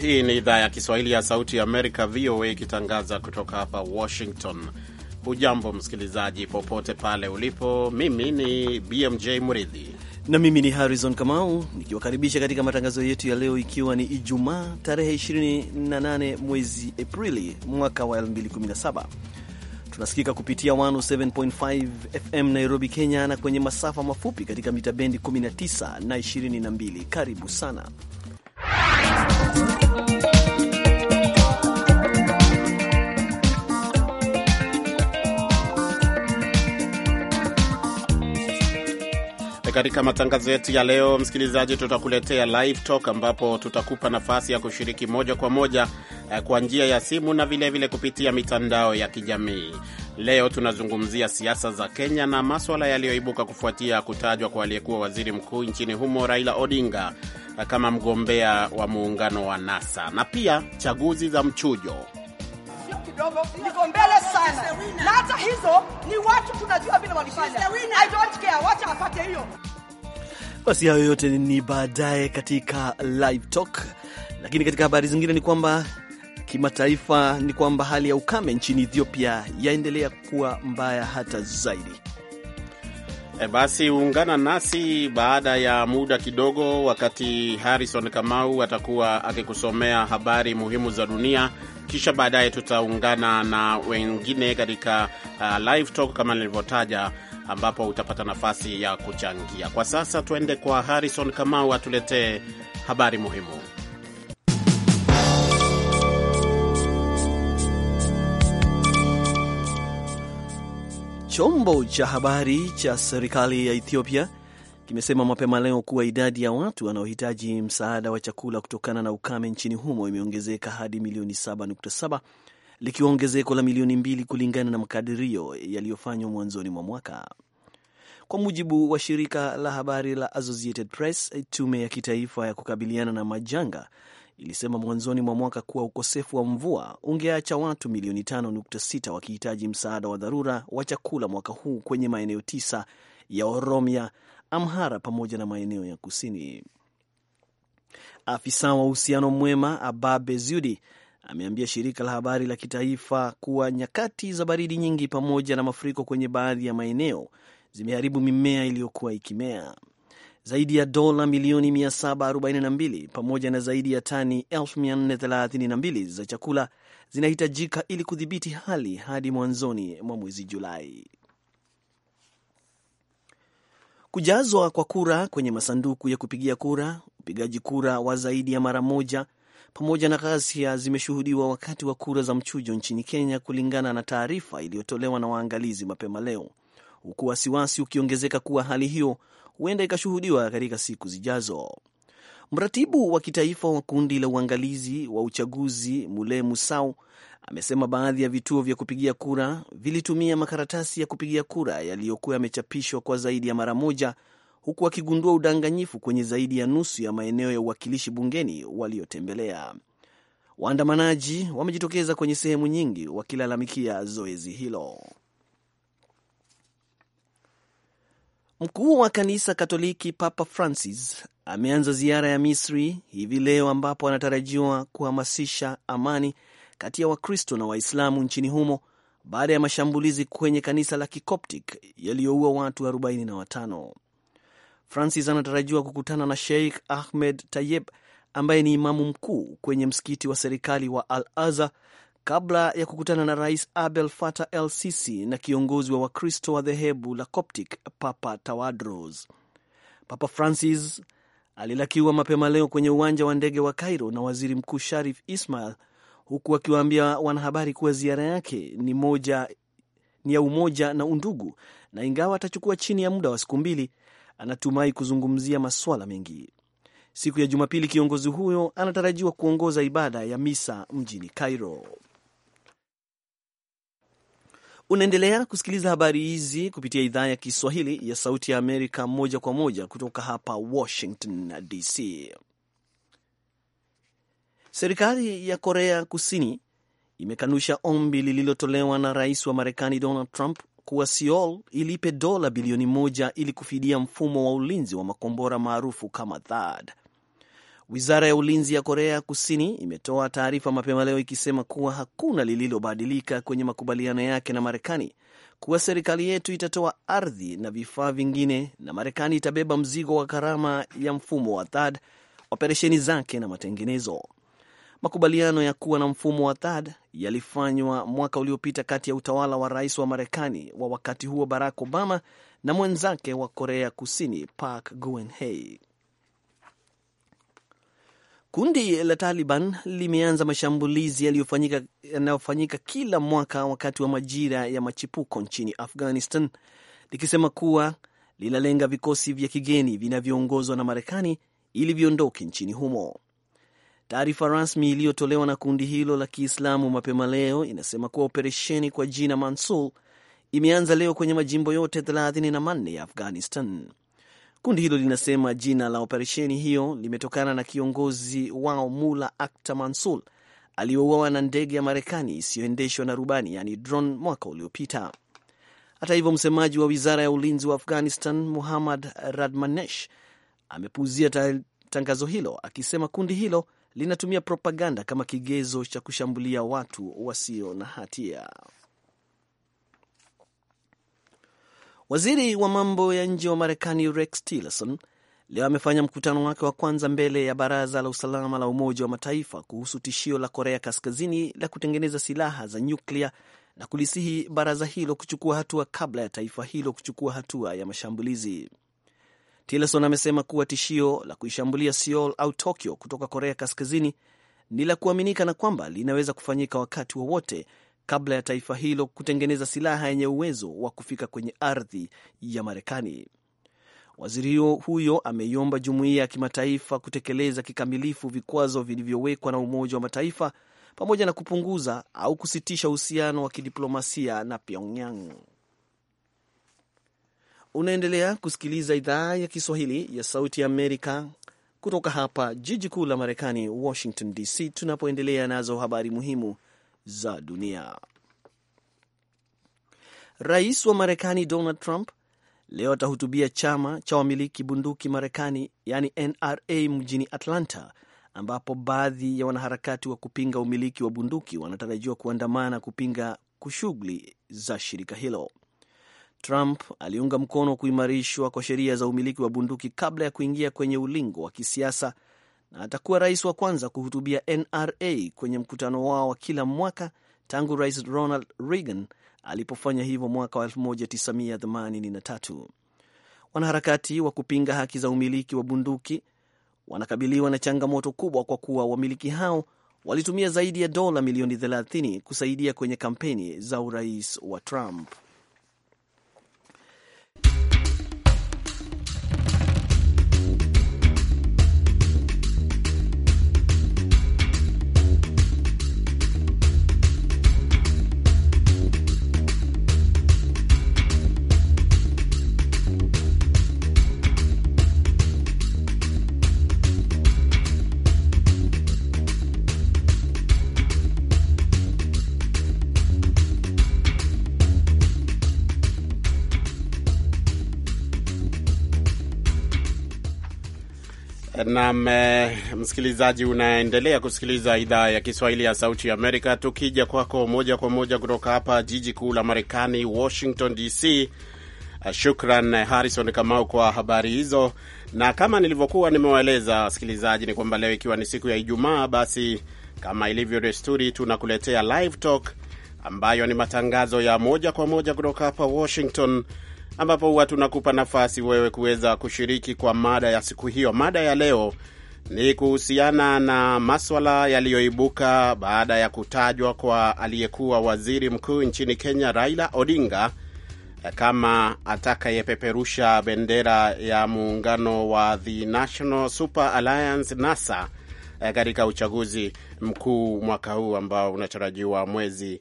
Hii ni idhaa ya Kiswahili ya Sauti ya Amerika, VOA, ikitangaza kutoka hapa Washington. Hujambo msikilizaji, popote pale ulipo. Mimi ni BMJ Muridhi na mimi ni Harrison Kamau nikiwakaribisha katika matangazo yetu ya leo, ikiwa ni Ijumaa tarehe 28 mwezi Aprili mwaka wa 2017. Tunasikika kupitia 107.5 FM Nairobi, Kenya, na kwenye masafa mafupi katika mita bendi 19 na 22. Karibu sana Katika matangazo yetu ya leo, msikilizaji, tutakuletea live talk ambapo tutakupa nafasi ya kushiriki moja kwa moja eh, kwa njia ya simu na vilevile vile kupitia mitandao ya kijamii. Leo tunazungumzia siasa za Kenya na maswala yaliyoibuka kufuatia kutajwa kwa aliyekuwa waziri mkuu nchini humo Raila Odinga eh, kama mgombea wa muungano wa NASA na pia chaguzi za mchujo niko mbele sana na hata hizo ni watu tunajua vile walifanya. I don't care, wacha apate hiyo. Basi hayo yote ni baadaye katika live talk, lakini katika habari zingine ni kwamba kimataifa ni kwamba hali ya ukame nchini Ethiopia yaendelea kuwa mbaya hata zaidi. E, basi huungana nasi baada ya muda kidogo, wakati Harrison Kamau atakuwa akikusomea habari muhimu za dunia, kisha baadaye tutaungana na wengine katika uh, live talk kama nilivyotaja ambapo utapata nafasi ya kuchangia. Kwa sasa tuende kwa Harrison Kamau atuletee habari muhimu. Chombo cha habari cha serikali ya Ethiopia kimesema mapema leo kuwa idadi ya watu wanaohitaji msaada wa chakula kutokana na ukame nchini humo imeongezeka hadi milioni 7.7 likiwa ongezeko la milioni mbili kulingana na makadirio yaliyofanywa mwanzoni mwa mwaka. Kwa mujibu wa shirika la habari la Associated Press, tume ya kitaifa ya kukabiliana na majanga ilisema mwanzoni mwa mwaka kuwa ukosefu wa mvua ungeacha watu milioni 5.6 wakihitaji msaada wa dharura wa chakula mwaka huu kwenye maeneo tisa ya Oromia, Amhara pamoja na maeneo ya kusini. Afisa wa uhusiano mwema Ababe Zudi ameambia shirika la habari la kitaifa kuwa nyakati za baridi nyingi pamoja na mafuriko kwenye baadhi ya maeneo zimeharibu mimea iliyokuwa ikimea. Zaidi ya dola milioni 742 pamoja na zaidi ya tani 432 za chakula zinahitajika ili kudhibiti hali hadi mwanzoni mwa mwezi Julai. Kujazwa kwa kura kwenye masanduku ya kupigia kura, upigaji kura wa zaidi ya mara moja pamoja na ghasia zimeshuhudiwa wakati wa kura za mchujo nchini Kenya, kulingana na taarifa iliyotolewa na waangalizi mapema leo, huku wasiwasi ukiongezeka kuwa hali hiyo huenda ikashuhudiwa katika siku zijazo. Mratibu wa kitaifa wa kundi la uangalizi wa uchaguzi Mule Musau amesema baadhi ya vituo vya kupigia kura vilitumia makaratasi ya kupigia kura yaliyokuwa yamechapishwa kwa zaidi ya mara moja huku wakigundua udanganyifu kwenye zaidi ya nusu ya maeneo ya uwakilishi bungeni waliotembelea. Waandamanaji wamejitokeza kwenye sehemu nyingi wakilalamikia zoezi hilo. Mkuu wa kanisa Katoliki Papa Francis ameanza ziara ya Misri hivi leo ambapo anatarajiwa kuhamasisha amani kati ya Wakristo na Waislamu nchini humo baada ya mashambulizi kwenye kanisa la Kikoptic yaliyoua watu 45. Francis anatarajiwa kukutana na Sheikh Ahmed Tayeb ambaye ni imamu mkuu kwenye msikiti wa serikali wa Al Azhar kabla ya kukutana na Rais Abdel Fattah El Sisi na kiongozi wa Wakristo wa dhehebu la Coptic Papa Tawadros. Papa Francis alilakiwa mapema leo kwenye uwanja wa ndege wa Cairo na Waziri Mkuu Sharif Ismail huku akiwaambia wanahabari kuwa ziara yake ni moja, ni ya umoja na undugu, na ingawa atachukua chini ya muda wa siku mbili, anatumai kuzungumzia masuala mengi. Siku ya Jumapili, kiongozi huyo anatarajiwa kuongoza ibada ya misa mjini Cairo. Unaendelea kusikiliza habari hizi kupitia idhaa ya Kiswahili ya Sauti ya Amerika, moja kwa moja kutoka hapa Washington DC. Serikali ya Korea Kusini imekanusha ombi lililotolewa na rais wa Marekani Donald Trump kuwa Seoul ilipe dola bilioni moja ili kufidia mfumo wa ulinzi wa makombora maarufu kama THAAD. Wizara ya ulinzi ya Korea Kusini imetoa taarifa mapema leo ikisema kuwa hakuna lililobadilika kwenye makubaliano yake na Marekani, kuwa serikali yetu itatoa ardhi na vifaa vingine na Marekani itabeba mzigo wa gharama ya mfumo wa THAAD, operesheni zake na matengenezo. Makubaliano ya kuwa na mfumo wa THAD yalifanywa mwaka uliopita kati ya utawala wa rais wa Marekani wa wakati huo Barack Obama na mwenzake wa Korea Kusini Park Geun-hye. Kundi la Taliban limeanza mashambulizi yanayofanyika kila mwaka wakati wa majira ya machipuko nchini Afghanistan, likisema kuwa linalenga vikosi vya kigeni vinavyoongozwa na Marekani ili viondoke nchini humo. Taarifa rasmi iliyotolewa na kundi hilo la Kiislamu mapema leo inasema kuwa operesheni kwa jina Mansul imeanza leo kwenye majimbo yote 34 ya Afghanistan. Kundi hilo linasema jina la operesheni hiyo limetokana na kiongozi wao Mula Akta Mansul aliyouawa na ndege ya Marekani isiyoendeshwa na rubani, yani drone, mwaka uliopita. Hata hivyo, msemaji wa wizara ya ulinzi wa Afghanistan Muhammad Radmanesh amepuuzia tangazo hilo akisema kundi hilo linatumia propaganda kama kigezo cha kushambulia watu wasio na hatia. Waziri wa mambo ya nje wa Marekani Rex Tillerson leo amefanya mkutano wake wa kwanza mbele ya Baraza la Usalama la Umoja wa Mataifa kuhusu tishio la Korea Kaskazini la kutengeneza silaha za nyuklia na kulisihi baraza hilo kuchukua hatua kabla ya taifa hilo kuchukua hatua ya mashambulizi. Tillerson amesema kuwa tishio la kuishambulia Seoul au Tokyo kutoka Korea Kaskazini ni la kuaminika na kwamba linaweza kufanyika wakati wowote wa kabla ya taifa hilo kutengeneza silaha yenye uwezo wa kufika kwenye ardhi ya Marekani. Waziri huyo ameiomba jumuiya ya kimataifa kutekeleza kikamilifu vikwazo vilivyowekwa na Umoja wa Mataifa pamoja na kupunguza au kusitisha uhusiano wa kidiplomasia na Pyongyang. Unaendelea kusikiliza idhaa ya Kiswahili ya Sauti ya Amerika kutoka hapa jiji kuu la Marekani, Washington DC, tunapoendelea nazo habari muhimu za dunia. Rais wa Marekani Donald Trump leo atahutubia chama cha wamiliki bunduki Marekani, yani NRA, mjini Atlanta, ambapo baadhi ya wanaharakati wa kupinga umiliki wa bunduki wanatarajiwa kuandamana kupinga shughuli za shirika hilo. Trump aliunga mkono kuimarishwa kwa sheria za umiliki wa bunduki kabla ya kuingia kwenye ulingo wa kisiasa na atakuwa rais wa kwanza kuhutubia NRA kwenye mkutano wao wa kila mwaka tangu Rais Ronald Reagan alipofanya hivyo mwaka wa 1983. Wanaharakati wa kupinga haki za umiliki wa bunduki wanakabiliwa na changamoto kubwa kwa kuwa wamiliki hao walitumia zaidi ya dola milioni 30 kusaidia kwenye kampeni za urais wa Trump. Naam, eh, msikilizaji, unaendelea kusikiliza idhaa ya Kiswahili ya Sauti ya Amerika, tukija kwako moja kwa moja kutoka hapa jiji kuu la Marekani, Washington DC. Eh, shukran eh, Harrison Kamau kwa habari hizo, na kama nilivyokuwa nimewaeleza wasikilizaji ni kwamba leo ikiwa ni siku ya Ijumaa, basi kama ilivyo desturi, tunakuletea Live Talk ambayo ni matangazo ya moja kwa moja kutoka hapa Washington ambapo huwa tunakupa nafasi wewe kuweza kushiriki kwa mada ya siku hiyo. Mada ya leo ni kuhusiana na maswala yaliyoibuka baada ya kutajwa kwa aliyekuwa waziri mkuu nchini Kenya Raila Odinga kama atakayepeperusha bendera ya muungano wa the National Super Alliance NASA katika uchaguzi mkuu mwaka huu ambao unatarajiwa mwezi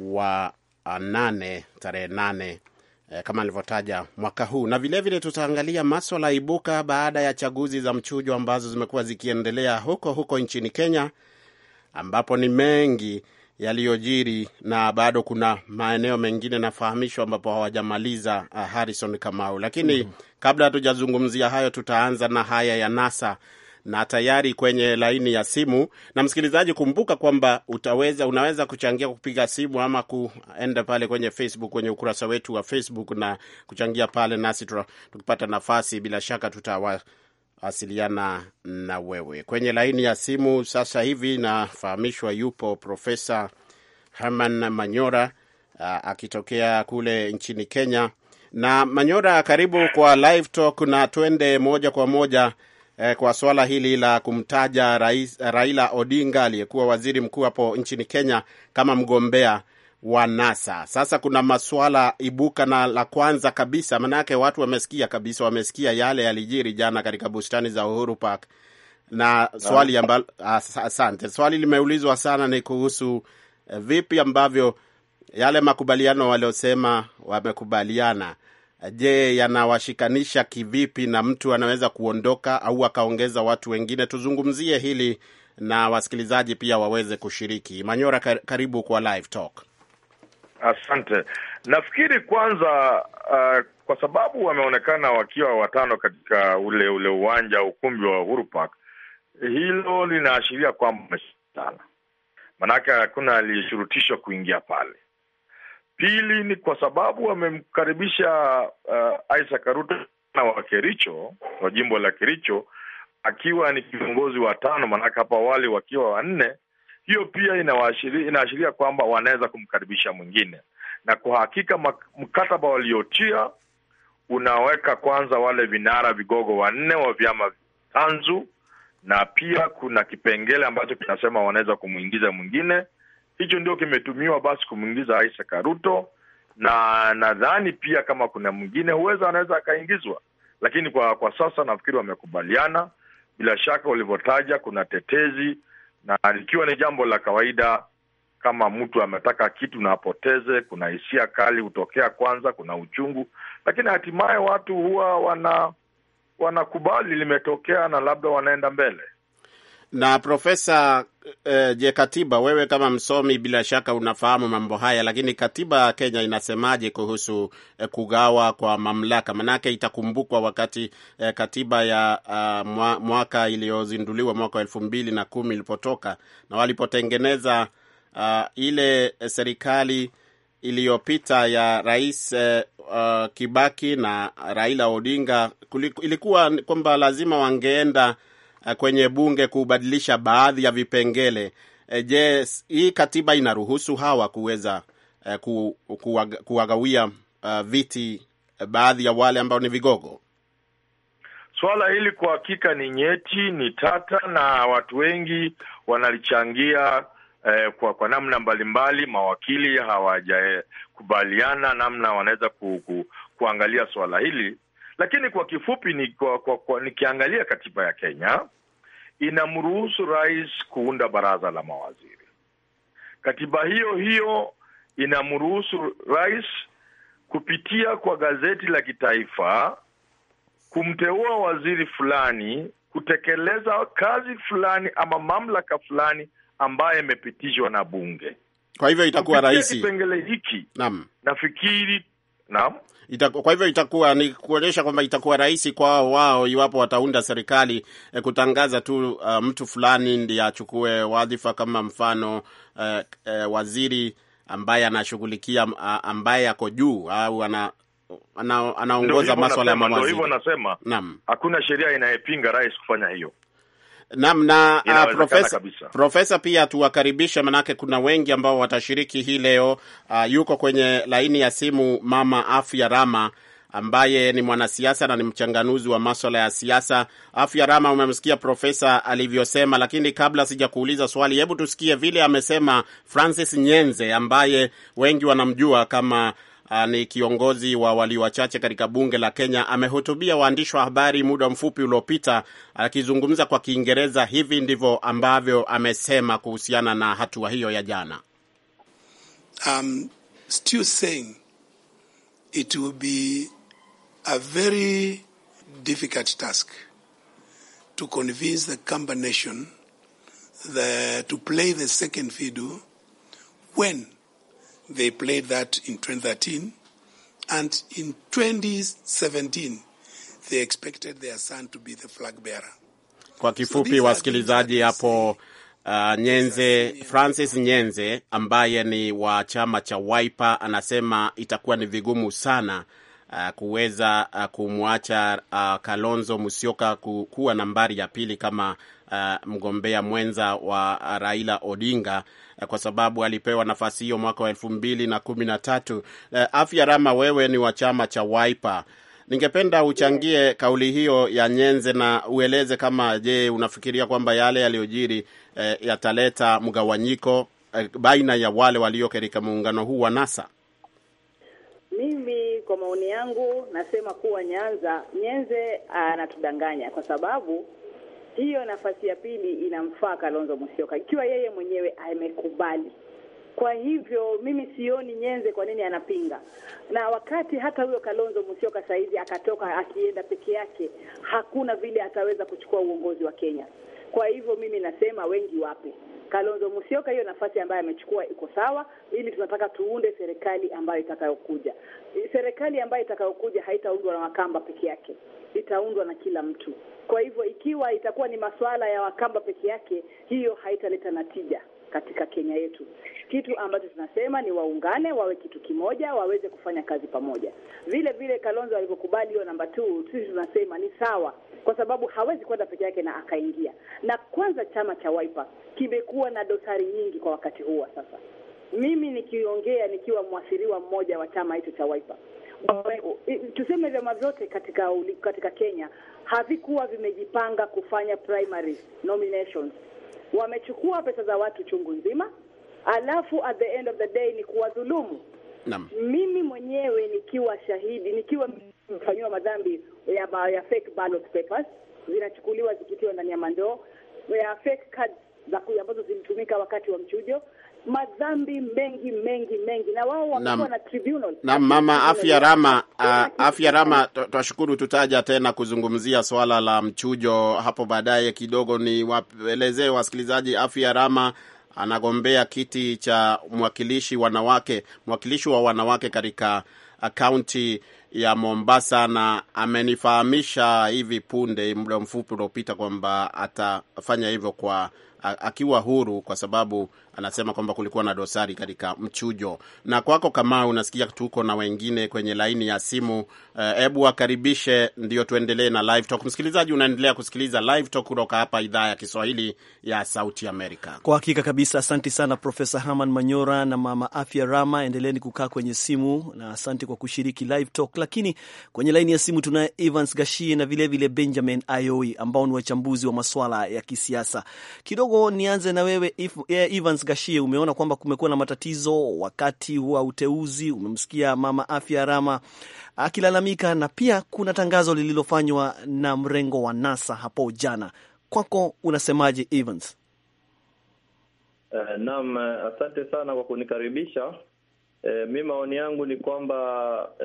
wa nane tarehe nane Eh, kama alivyotaja mwaka huu, na vilevile tutaangalia maswala ibuka baada ya chaguzi za mchujo ambazo zimekuwa zikiendelea huko huko nchini Kenya, ambapo ni mengi yaliyojiri na bado kuna maeneo mengine nafahamishwa ambapo hawajamaliza. Eh, Harrison Kamau, lakini mm -hmm. kabla hatujazungumzia hayo, tutaanza na haya ya NASA na tayari kwenye laini ya simu. Na msikilizaji, kumbuka kwamba utaweza, unaweza kuchangia kupiga simu ama kuenda pale kwenye Facebook, kwenye ukurasa wetu wa Facebook na kuchangia pale, nasi tukipata nafasi, bila shaka tutawasiliana na wewe kwenye laini ya simu. Sasa hivi nafahamishwa yupo Profesa Herman Manyora akitokea kule nchini Kenya. Na Manyora, karibu kwa Live Talk na twende moja kwa moja eh, kwa swala hili la kumtaja rais, Raila Odinga aliyekuwa waziri mkuu hapo nchini Kenya kama mgombea wa NASA. Sasa kuna maswala ibuka, na la kwanza kabisa, manake watu wamesikia kabisa, wamesikia yale yalijiri jana katika bustani za Uhuru Park, na swali ah. ambalo, asante, swali limeulizwa sana ni kuhusu eh, vipi ambavyo yale makubaliano waliosema wamekubaliana je, yanawashikanisha kivipi na mtu anaweza kuondoka au akaongeza watu wengine? Tuzungumzie hili na wasikilizaji pia waweze kushiriki. Manyora, karibu kwa live talk. Asante. Nafikiri kwanza, uh, kwa sababu wameonekana wakiwa watano katika ule ule uwanja ukumbi wa Uhuru Park, hilo linaashiria kwamba wameshindana, maanake hakuna aliyeshurutishwa kuingia pale. Pili ni kwa sababu amemkaribisha uh, Isaac Ruto na wa Kericho wa jimbo la Kericho akiwa ni kiongozi wa tano, maanake hapo awali wakiwa wanne. Hiyo pia inaashiria kwamba wanaweza kumkaribisha mwingine, na kwa hakika mkataba waliotia unaweka kwanza wale vinara vigogo wanne wa vyama vitanzu, na pia kuna kipengele ambacho kinasema wanaweza kumwingiza mwingine hicho ndio kimetumiwa basi kumwingiza Isaac Ruto, na nadhani pia kama kuna mwingine huweza anaweza akaingizwa, lakini kwa kwa sasa nafikiri wamekubaliana. Bila shaka ulivyotaja, kuna tetezi, na ikiwa ni jambo la kawaida kama mtu ametaka kitu na apoteze, kuna hisia kali hutokea kwanza, kuna uchungu, lakini hatimaye watu huwa wana wanakubali limetokea, na labda wanaenda mbele. Na Profesa eh, je, katiba, wewe kama msomi bila shaka unafahamu mambo haya, lakini katiba ya Kenya inasemaje kuhusu eh, kugawa kwa mamlaka? Manake itakumbukwa wakati eh, katiba ya uh, mwaka iliyozinduliwa mwaka wa elfu mbili na kumi ilipotoka na walipotengeneza uh, ile serikali iliyopita ya rais uh, Kibaki na Raila Odinga, ilikuwa kwamba lazima wangeenda Eh, kwenye bunge kubadilisha baadhi ya vipengele. Eh, je, hii katiba inaruhusu hawa kuweza eh, ku, kuwagawia uh, viti baadhi ya wale ambao ni vigogo? Swala hili kwa hakika ni nyeti, ni tata na watu wengi wanalichangia eh, kwa, kwa namna mbalimbali. Mawakili hawajakubaliana namna wanaweza ku, ku, kuangalia swala hili lakini kwa kifupi ni kwa, kwa, kwa, nikiangalia katiba ya Kenya inamruhusu rais kuunda baraza la mawaziri. Katiba hiyo hiyo inamruhusu rais kupitia kwa gazeti la kitaifa kumteua waziri fulani kutekeleza kazi fulani ama mamlaka fulani ambayo imepitishwa na bunge. Kwa hivyo itakuwa rahisi kipengele hiki. Naam, nafikiri Naam. Itakuwa, kwa hivyo itakuwa ni kuonyesha kwamba itakuwa rahisi kwao wao iwapo wataunda serikali eh, kutangaza tu uh, mtu fulani ndiye achukue wadhifa kama mfano uh, uh, waziri ambaye anashughulikia ambaye ako juu au ana anaongoza maswala ya mawaziri. hivyo nasema. Naam. Hakuna sheria inayepinga rais kufanya hiyo namna na uh, profesa, profesa pia tuwakaribishe, manake kuna wengi ambao watashiriki hii leo. Uh, yuko kwenye laini ya simu Mama Afya Rama ambaye ni mwanasiasa na ni mchanganuzi wa maswala ya siasa. Afya Rama, umemsikia profesa alivyosema, lakini kabla sijakuuliza swali, hebu tusikie vile amesema Francis Nyenze ambaye wengi wanamjua kama Ah, ni kiongozi wa walio wachache katika bunge la Kenya, amehutubia waandishi wa habari muda mfupi uliopita, akizungumza kwa Kiingereza. Hivi ndivyo ambavyo amesema kuhusiana na hatua hiyo ya jana. Um, still saying it will be a very difficult task to convince the Kamba nation the, to play the second fiddle when They played that in 2013. And in 2017, they expected their son to be the flag bearer. Kwa kifupi, so wasikilizaji hapo Uh, Nyenze Francis Nyenze ambaye ni wa chama cha Wiper anasema itakuwa ni vigumu sana uh, kuweza uh, kumwacha uh, Kalonzo Musyoka kuwa nambari ya pili kama uh, mgombea mwenza wa uh, Raila Odinga uh, kwa sababu alipewa nafasi hiyo mwaka wa elfu mbili na kumi na tatu. Uh, Afya Rama, wewe ni wa chama cha Wiper. Ningependa uchangie kauli hiyo ya Nyenze na ueleze kama, je, unafikiria kwamba yale yaliyojiri eh, yataleta mgawanyiko eh, baina ya wale walio katika muungano huu wa NASA? Mimi kwa maoni yangu nasema kuwa Nyanza Nyenze anatudanganya kwa sababu hiyo nafasi ya pili inamfaa Kalonzo Musyoka ikiwa yeye mwenyewe amekubali. Kwa hivyo mimi sioni Nyenze kwa nini anapinga, na wakati hata huyo Kalonzo Musyoka saizi akatoka akienda peke yake, hakuna vile ataweza kuchukua uongozi wa Kenya. Kwa hivyo mimi nasema wengi wape Kalonzo Musyoka hiyo nafasi ambayo amechukua iko sawa, ili tunataka tuunde serikali ambayo itakayokuja. Serikali ambayo itakayokuja haitaundwa na Wakamba peke yake, itaundwa na kila mtu. Kwa hivyo, ikiwa itakuwa ni masuala ya Wakamba peke yake, hiyo haitaleta natija katika Kenya yetu, kitu ambacho tunasema ni waungane, wawe kitu kimoja, waweze kufanya kazi pamoja. Vile vile Kalonzo alivyokubali hiyo namba 2 sisi tunasema ni sawa, kwa sababu hawezi kwenda peke yake na akaingia. Na kwanza chama cha Wiper kimekuwa na dosari nyingi kwa wakati huu wa sasa. Mimi nikiongea nikiwa mwathiriwa mmoja wa chama hicho cha Wiper, tuseme vyama vyote katika katika Kenya havikuwa vimejipanga kufanya primary nominations wamechukua pesa za watu chungu nzima, alafu at the end of the day ni kuwadhulumu. Naam. Mimi mwenyewe nikiwa shahidi, nikiwa mfanyiwa madhambi ya, ya fake ballot papers zinachukuliwa zikitiwa ndani ya mandoo ya fake cards za ambazo zilitumika wakati wa mchujo madhambi mengi mengi mengi, na wao wamekuwa na tribunal. Ah, na mama Afya Rama, uh, Afya Rama, twashukuru. Tutaja tena kuzungumzia swala la mchujo hapo baadaye kidogo. Ni waelezee wasikilizaji, Afya Rama anagombea kiti cha mwakilishi wanawake, mwakilishi wa wanawake katika ah, kaunti ya Mombasa, na amenifahamisha hivi punde, muda mfupi uliopita, kwamba atafanya hivyo kwa ah, akiwa huru, kwa sababu anasema kwamba kulikuwa na dosari katika mchujo. Na kwako kama unasikia, tuko na wengine kwenye laini ya simu, eh, hebu uh, wakaribishe ndio tuendelee na live talk. Msikilizaji, unaendelea kusikiliza live talk kutoka hapa idhaa ya Kiswahili ya Sauti Amerika. Kwa hakika kabisa, asanti sana Profesa Haman Manyora na Mama Afya Rama, endeleni kukaa kwenye simu na asante kwa kushiriki live talk. Lakini kwenye laini ya simu tunaye Evans Gashie na vilevile vile Benjamin Ayoi ambao ni wachambuzi wa maswala ya kisiasa. Kidogo nianze na wewe eh, Evans Florence Gashie, umeona kwamba kumekuwa na matatizo wakati wa uteuzi. Umemsikia mama afya Rama akilalamika, na pia kuna tangazo lililofanywa na mrengo wa NASA hapo jana. Kwako unasemaje, Evans? Uh, naam, eh, asante sana kwa kunikaribisha. E, mi maoni yangu ni kwamba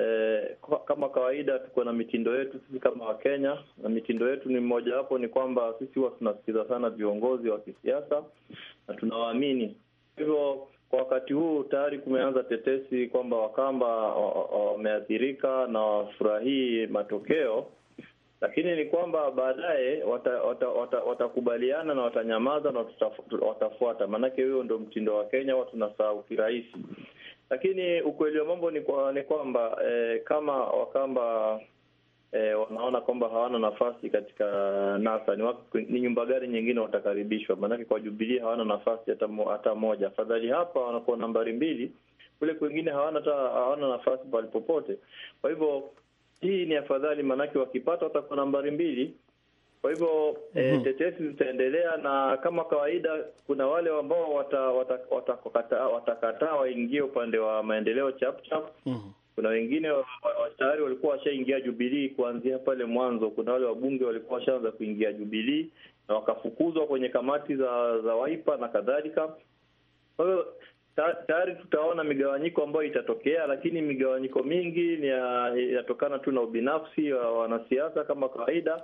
e, kama kawaida tuko na mitindo yetu sisi kama Wakenya, na mitindo yetu ni mmojawapo ni kwamba sisi huwa tunasikiza sana viongozi wa kisiasa na tunawaamini. Hivyo kwa wakati huu tayari kumeanza tetesi kwamba Wakamba wameathirika na wafurahii matokeo, lakini ni kwamba baadaye watakubaliana wata, wata, wata na watanyamaza na watafuata, maanake huyo ndo mtindo wa Kenya, huwa tunasahau kirahisi. Lakini ukweli wa mambo ni, kwa, ni kwamba eh, kama Wakamba eh, wanaona kwamba hawana nafasi katika NASA ni, ni nyumba gari nyingine watakaribishwa, maanake kwa jubilia hawana nafasi hata, hata moja. Afadhali hapa wanakuwa nambari mbili, kule kwingine hawana ta, hawana nafasi palipopote popote. Kwa hivyo hii ni afadhali, maanake wakipata watakuwa nambari mbili kwa hivyo e, tetesi zitaendelea, na kama kawaida, kuna wale ambao watakataa wata, wata, waingie upande wa maendeleo chapchap. Mhm. Kuna wengine tayari walikuwa washaingia Jubilii kuanzia pale mwanzo. Kuna wale wabunge walikuwa washaanza kuingia Jubilii na wakafukuzwa kwenye kamati za za Waipa na kadhalika. Kwa hiyo tayari tutaona migawanyiko ambayo itatokea, lakini migawanyiko mingi inatokana tu na ubinafsi wa wanasiasa kama kawaida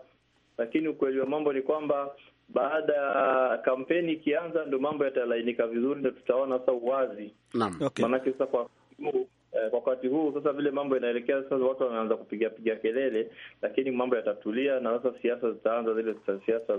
lakini ukweli wa mambo ni kwamba baada ya kampeni ikianza, ndo mambo yatalainika vizuri, ndo tutaona sasa uwazi. Naam, okay. Maanake sasa kwa Eh, kwa wakati huu sasa, vile mambo yanaelekea sasa, watu wameanza kupiga piga kelele, lakini mambo yatatulia, na sasa siasa zitaanza zile siasa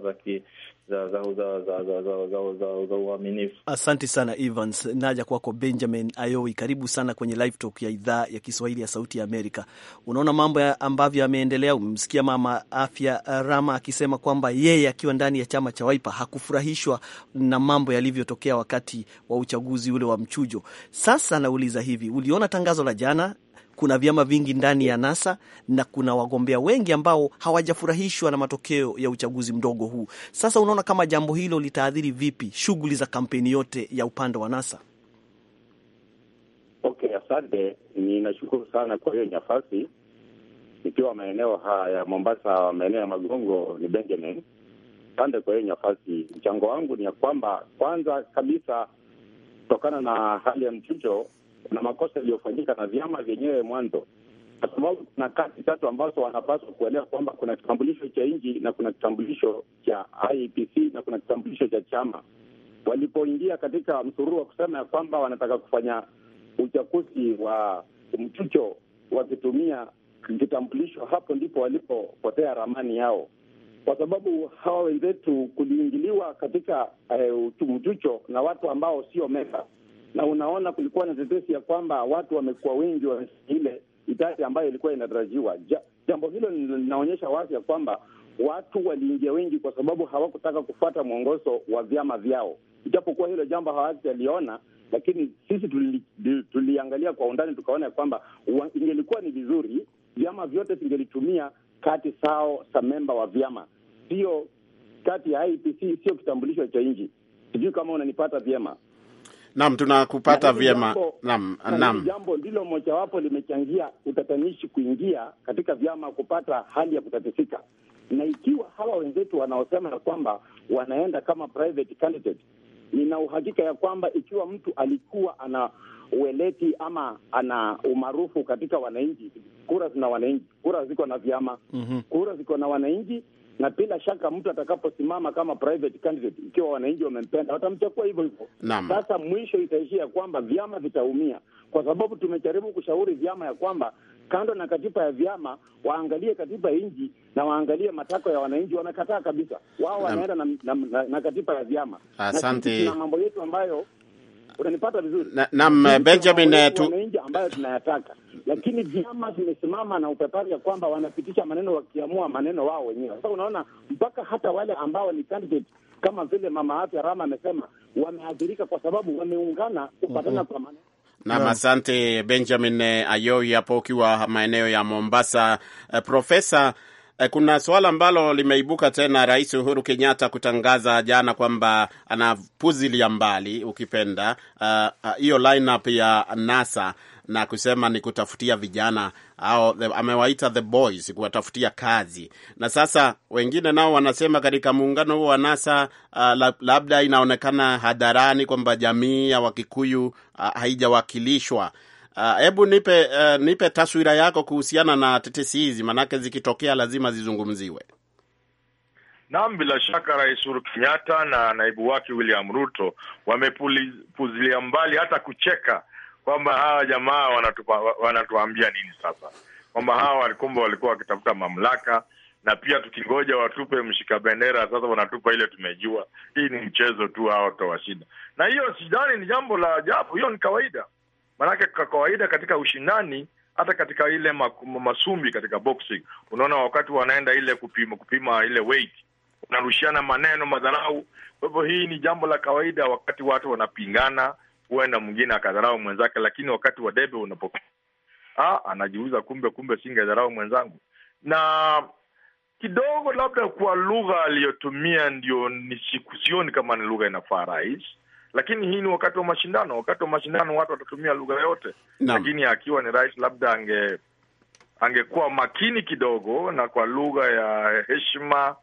za uaminifu. Asante sana Evans. Naja kwako Benjamin Ayoi, karibu sana kwenye Live Talk ya idhaa ya Kiswahili ya Sauti ya Amerika. Unaona mambo ambavyo yameendelea. Umemsikia mama afya Rama akisema kwamba yeye akiwa ndani ya chama cha Waipa hakufurahishwa na mambo yalivyotokea wakati wa uchaguzi ule wa mchujo. Sasa nauliza hivi, uliona tangazo la jana, kuna vyama vingi ndani ya NASA na kuna wagombea wengi ambao hawajafurahishwa na matokeo ya uchaguzi mdogo huu. Sasa unaona kama jambo hilo litaathiri vipi shughuli za kampeni yote ya upande wa NASA? Okay, asante. Ninashukuru sana kwa hiyo nafasi. Nikiwa maeneo haya ya Mombasa, maeneo ya Magongo ni Benjamin. Asante kwa hiyo nafasi. Mchango wangu ni ya kwamba kwanza kabisa, kutokana na hali ya mchujo kuna makosa yaliyofanyika na vyama vyenyewe mwanzo, kwa sababu kuna kazi tatu ambazo wanapaswa kuelewa kwamba kuna kitambulisho cha nchi na kuna kitambulisho cha ipc e na kuna kitambulisho cha chama. Walipoingia katika msururu wa kusema ya kwamba wanataka kufanya uchaguzi wa mchucho wakitumia kitambulisho, hapo ndipo walipopotea ramani yao, kwa sababu hawa wenzetu kuliingiliwa katika eh, mchucho na watu ambao sio meka na unaona kulikuwa na tetesi ya kwamba watu wamekuwa wengi wa ile idadi ambayo ilikuwa inatarajiwa. Ja, jambo hilo linaonyesha wazi ya kwamba watu waliingia wengi kwa sababu hawakutaka kufuata mwongozo wa vyama vyao, ijapokuwa hilo jambo hawajaliona lakini sisi tuli, tuliangalia kwa undani tukaona ya kwamba ingelikuwa ni vizuri vyama vyote vingelitumia kati sao memba wa vyama, sio kati ya IPC, sio kitambulisho cha nchi. Sijui kama unanipata vyema. Naam, tunakupata vyema. Naam, naam, jambo ndilo mojawapo limechangia utatanishi kuingia katika vyama kupata hali ya kutatisika, na ikiwa hawa wenzetu wanaosema ya kwamba wanaenda kama private candidate, nina uhakika ya kwamba ikiwa mtu alikuwa ana ueleti ama ana umaarufu katika wananchi, kura zina wananchi, kura ziko na vyama mm -hmm. kura ziko na wananchi na bila shaka mtu atakaposimama kama private candidate, ikiwa wananchi wamempenda, watamchagua hivyo hivyo. Sasa mwisho itaishia kwamba vyama vitaumia, kwa sababu tumejaribu kushauri vyama ya kwamba kando na katiba ya vyama waangalie katiba ya nchi na waangalie matakwa ya wananchi. wanakataa kabisa, wao wanaenda na, na, na, na katiba ya vyama. Asante na mambo yetu ambayo Unanipata vizuri? Naam na Benjamin eh, tu... wananchi ambayo tunayataka, lakini vyama vimesimama na upepari ya kwamba wanapitisha maneno wakiamua maneno wao wenyewe. Sasa unaona mpaka hata wale ambao ni candidate kama vile mama afya Rama amesema wameathirika kwa sababu wameungana kupatana kwa maneno Nam, asante Benjamin eh, Ayoi hapo ukiwa maeneo ya Mombasa. Eh, Profesa Eh, kuna suala ambalo limeibuka tena, Rais Uhuru Kenyatta kutangaza jana kwamba anapuzilia mbali, ukipenda eh, eh, hiyo uh, uh, lineup ya NASA na kusema ni kutafutia vijana au the, amewaita the boys kuwatafutia kazi. Na sasa wengine nao wanasema katika muungano huo wa NASA uh, labda inaonekana hadharani kwamba jamii ya Wakikuyu uh, haijawakilishwa Ah, hebu uh, nipe uh, nipe taswira yako kuhusiana na tetesi hizi, maanake zikitokea lazima zizungumziwe. Naam, bila shaka Rais Uhuru Kenyatta na naibu wake William Ruto wamepuzilia mbali hata kucheka kwamba hawa jamaa wanatupa, wanatuambia nini sasa, kwamba hawa walikumba walikuwa wakitafuta mamlaka na pia tukingoja watupe mshika bendera, sasa wanatupa ile tumejua. Hii ni mchezo tu, hawatawashinda. Na hiyo sidhani ni jambo la ajabu, hiyo ni kawaida. Maanake kwa kawaida katika ushindani hata katika ile masumbi katika boxing, unaona wakati wanaenda ile kupima kupima ile weight, unarushiana maneno madharau. Kwa hivyo hii ni jambo la kawaida wakati watu wanapingana, huenda mwingine akadharau mwenzake, lakini wakati wa debe unapokuwa ah, anajiuza kumbe, kumbe singedharau mwenzangu. Na kidogo labda kwa lugha aliyotumia, ndio ni sioni kama ni lugha inafaa rais lakini hii ni wakati wa mashindano. Wakati wa mashindano watu watatumia lugha yote, lakini akiwa ni rais, labda ange angekuwa makini kidogo na kwa lugha ya heshima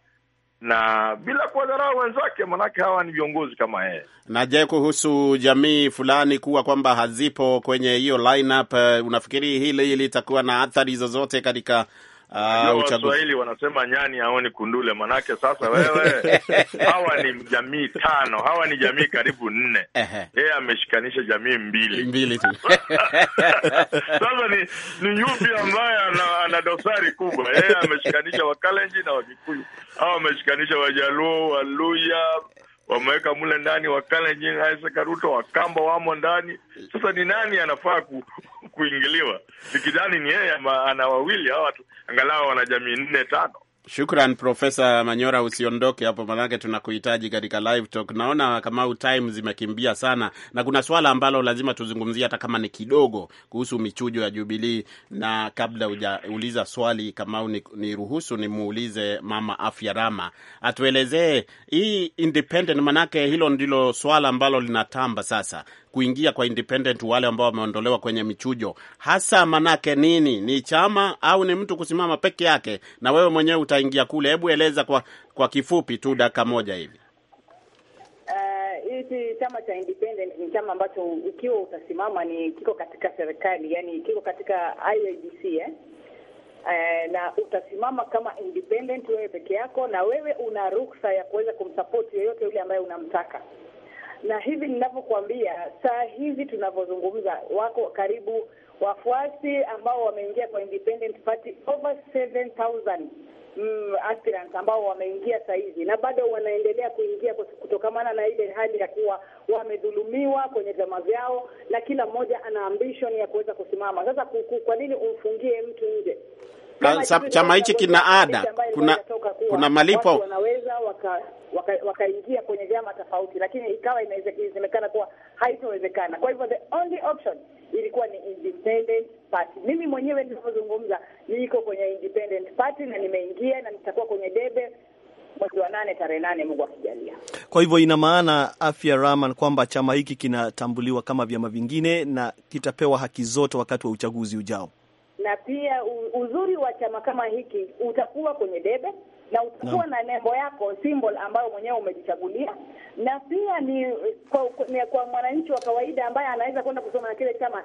na bila kuwadharau wenzake, manake hawa ni viongozi kama yeye. Na je, kuhusu jamii fulani kuwa kwamba hazipo kwenye hiyo lineup, eh, unafikiri hili litakuwa na athari zozote katika Ah, Waswahili wanasema nyani haoni kundule, manake sasa wewe hawa ni jamii tano, hawa ni jamii karibu nne, yeye ameshikanisha jamii mbili mbili tu. Sasa ni ni yupi ambaye ana dosari kubwa? Yeye ameshikanisha Wakalenji na Wakikuyu, hawa ameshikanisha Wajaluo, Waluya wameweka mule ndani, Wakalenjin, Isaac Ruto, Wakamba wamo ndani. Sasa ni nani anafaa ku, kuingiliwa? Nikidhani ni yeye, ana wawili hawa, angalau wana jamii nne tano Shukran Profesa Manyora, usiondoke hapo, manake tunakuhitaji katika live talk. Naona kama time zimekimbia sana, na kuna swala ambalo lazima tuzungumzie, hata kama ni kidogo, kuhusu michujo ya Jubilii. Na kabla hujauliza swali, Kamau, niruhusu ni nimuulize Mama Afya Rama atuelezee hii independent, manake hilo ndilo swala ambalo linatamba sasa kuingia kwa independent wale ambao wameondolewa kwenye michujo, hasa manake nini? Ni chama au ni mtu kusimama peke yake? Na wewe mwenyewe utaingia kule, hebu eleza kwa kwa kifupi tu, dakika moja hivi. Hizi eh, chama cha independent ni chama ambacho ukiwa utasimama ni kiko katika serikali, yani kiko katika IEBC eh? Uh, na utasimama kama independent wewe peke yako, na wewe una ruksa ya kuweza kumsupport yeyote yule ambaye unamtaka na hivi ninavyokuambia, saa hizi tunavyozungumza, wako karibu wafuasi ambao wameingia kwa Independent Party over 7000 mm, aspirants ambao wameingia saa hizi na bado wanaendelea kuingia kutokamana na ile hali ya kuwa wamedhulumiwa kwenye vyama vyao, na kila mmoja ana ambition ya kuweza kusimama. Sasa kwa nini umfungie mtu nje? na chama hichi kina ada, kuna kuna malipo wanaweza wakaingia waka, kwenye vyama tofauti, lakini ikawa inasemekana kuwa haitowezekana. Kwa hivyo the only option ilikuwa ni independent party. Mimi mwenyewe ninavyozungumza, niko kwenye independent party na nimeingia na nitakuwa kwenye debe mwezi wa nane tarehe nane, Mungu akijalia. Kwa hivyo ina maana afya Rahman, kwamba chama hiki kinatambuliwa kama vyama vingine na kitapewa haki zote wakati wa uchaguzi ujao na pia uzuri wa chama kama hiki utakuwa kwenye debe na utakuwa no. na nembo yako symbol ambayo mwenyewe umejichagulia, na pia ni kwa, ni kwa mwananchi wa kawaida ambaye anaweza kwenda kusoma na kile chama,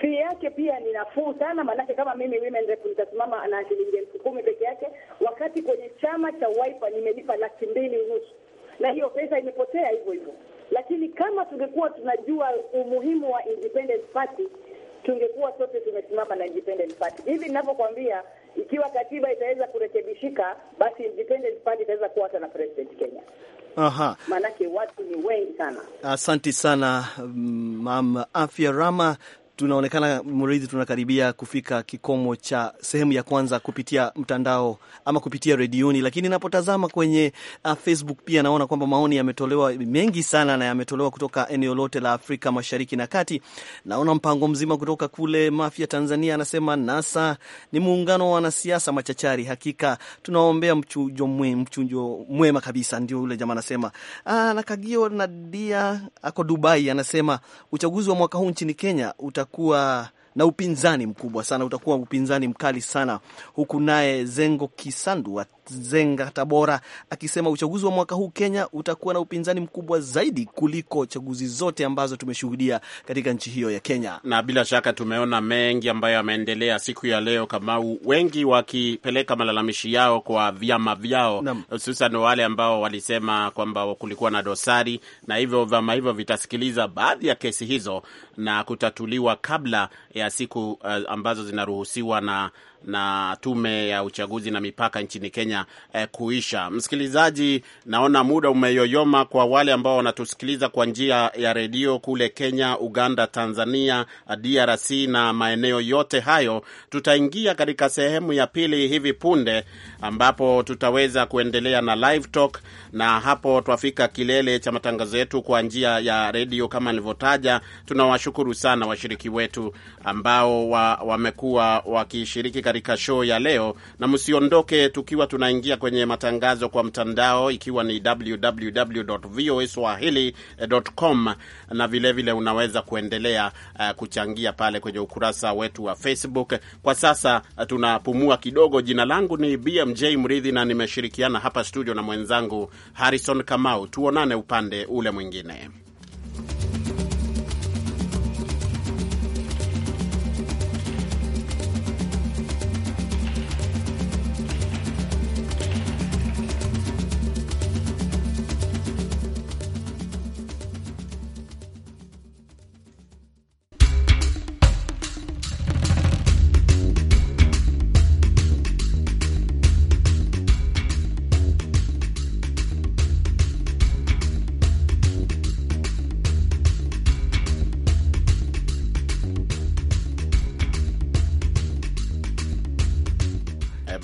fee yake pia ni nafuu sana, maanake kama mimi Women Rep nitasimama na shilingi elfu kumi peke yake, wakati kwenye chama cha Wiper nimelipa laki mbili nusu, na hiyo pesa imepotea hivyo hivyo. Lakini kama tungekuwa tunajua umuhimu wa independent party tungekuwa sote tumesimama na independent party. Hivi ninavyokwambia, ikiwa katiba itaweza kurekebishika, basi independent party itaweza kuwa hata na president Kenya. Aha. Maanake watu ni wengi sana. Asante sana mm, Mama Afya Rama tunaonekana Mridhi, tunakaribia kufika kikomo cha sehemu ya kwanza kupitia mtandao ama kupitia redioni, lakini napotazama kwenye uh, Facebook pia naona kwamba maoni yametolewa mengi sana na yametolewa kutoka eneo lote la Afrika Mashariki na Kati. Naona mpango mzima kutoka kule Mafia, Tanzania, anasema NASA ni muungano wa wanasiasa machachari. Hakika tunaombea mchujo, mwe, mchujo mwema kabisa, ndio yule jamaa anasema. Ah, na Kagio Nadia ako Dubai anasema uchaguzi wa mwaka huu nchini Kenya uta kutakuwa na upinzani mkubwa sana, utakuwa upinzani mkali sana, huku naye Zengo Kisandu wa Zenga Tabora, akisema uchaguzi wa mwaka huu Kenya utakuwa na upinzani mkubwa zaidi kuliko chaguzi zote ambazo tumeshuhudia katika nchi hiyo ya Kenya. Na bila shaka tumeona mengi ambayo yameendelea siku ya leo, Kamau, wengi wakipeleka malalamishi yao kwa vyama vyao, hususan wale ambao walisema kwamba kulikuwa na dosari, na hivyo vyama hivyo vitasikiliza baadhi ya kesi hizo na kutatuliwa kabla ya siku eh, ambazo zinaruhusiwa na na tume ya uchaguzi na mipaka nchini Kenya eh, kuisha. Msikilizaji, naona muda umeyoyoma. Kwa wale ambao wanatusikiliza kwa njia ya redio kule Kenya, Uganda, Tanzania, DRC na maeneo yote hayo, tutaingia katika sehemu ya pili hivi punde, ambapo tutaweza kuendelea na live talk, na hapo twafika kilele cha matangazo yetu kwa njia ya redio kama nilivyotaja. Tunawashukuru sana washiriki wetu ambao wamekuwa wa wakishiriki katika show ya leo, na msiondoke, tukiwa tunaingia kwenye matangazo kwa mtandao, ikiwa ni www.voaswahili.com, na vilevile vile unaweza kuendelea uh, kuchangia pale kwenye ukurasa wetu wa Facebook. Kwa sasa uh, tunapumua kidogo. Jina langu ni BMJ Mridhi na nimeshirikiana hapa studio na mwenzangu Harrison Kamau. Tuonane upande ule mwingine.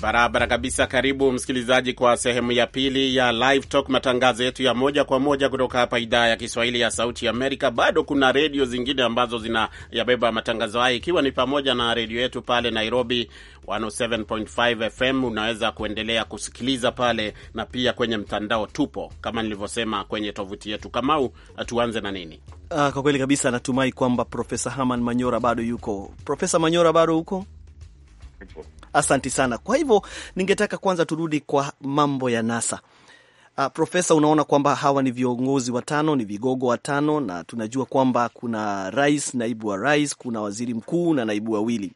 barabara kabisa. Karibu msikilizaji kwa sehemu ya pili ya Live Talk, matangazo yetu ya moja kwa moja kutoka hapa idhaa ya Kiswahili ya Sauti Amerika. Bado kuna redio zingine ambazo zinayabeba matangazo haya, ikiwa ni pamoja na redio yetu pale Nairobi 107.5 FM. Unaweza kuendelea kusikiliza pale na pia kwenye mtandao, tupo kama nilivyosema kwenye tovuti yetu. Kamau, tuanze na nini? Uh, kwa kweli kabisa natumai kwamba Profesa Haman Manyora bado yuko. Profesa Manyora bado huko? Asanti sana. Kwa hivyo ningetaka kwanza turudi kwa mambo ya NASA. Uh, Profesa, unaona kwamba hawa ni viongozi watano, ni vigogo watano, na tunajua kwamba kuna rais, naibu wa rais, kuna waziri mkuu na naibu wawili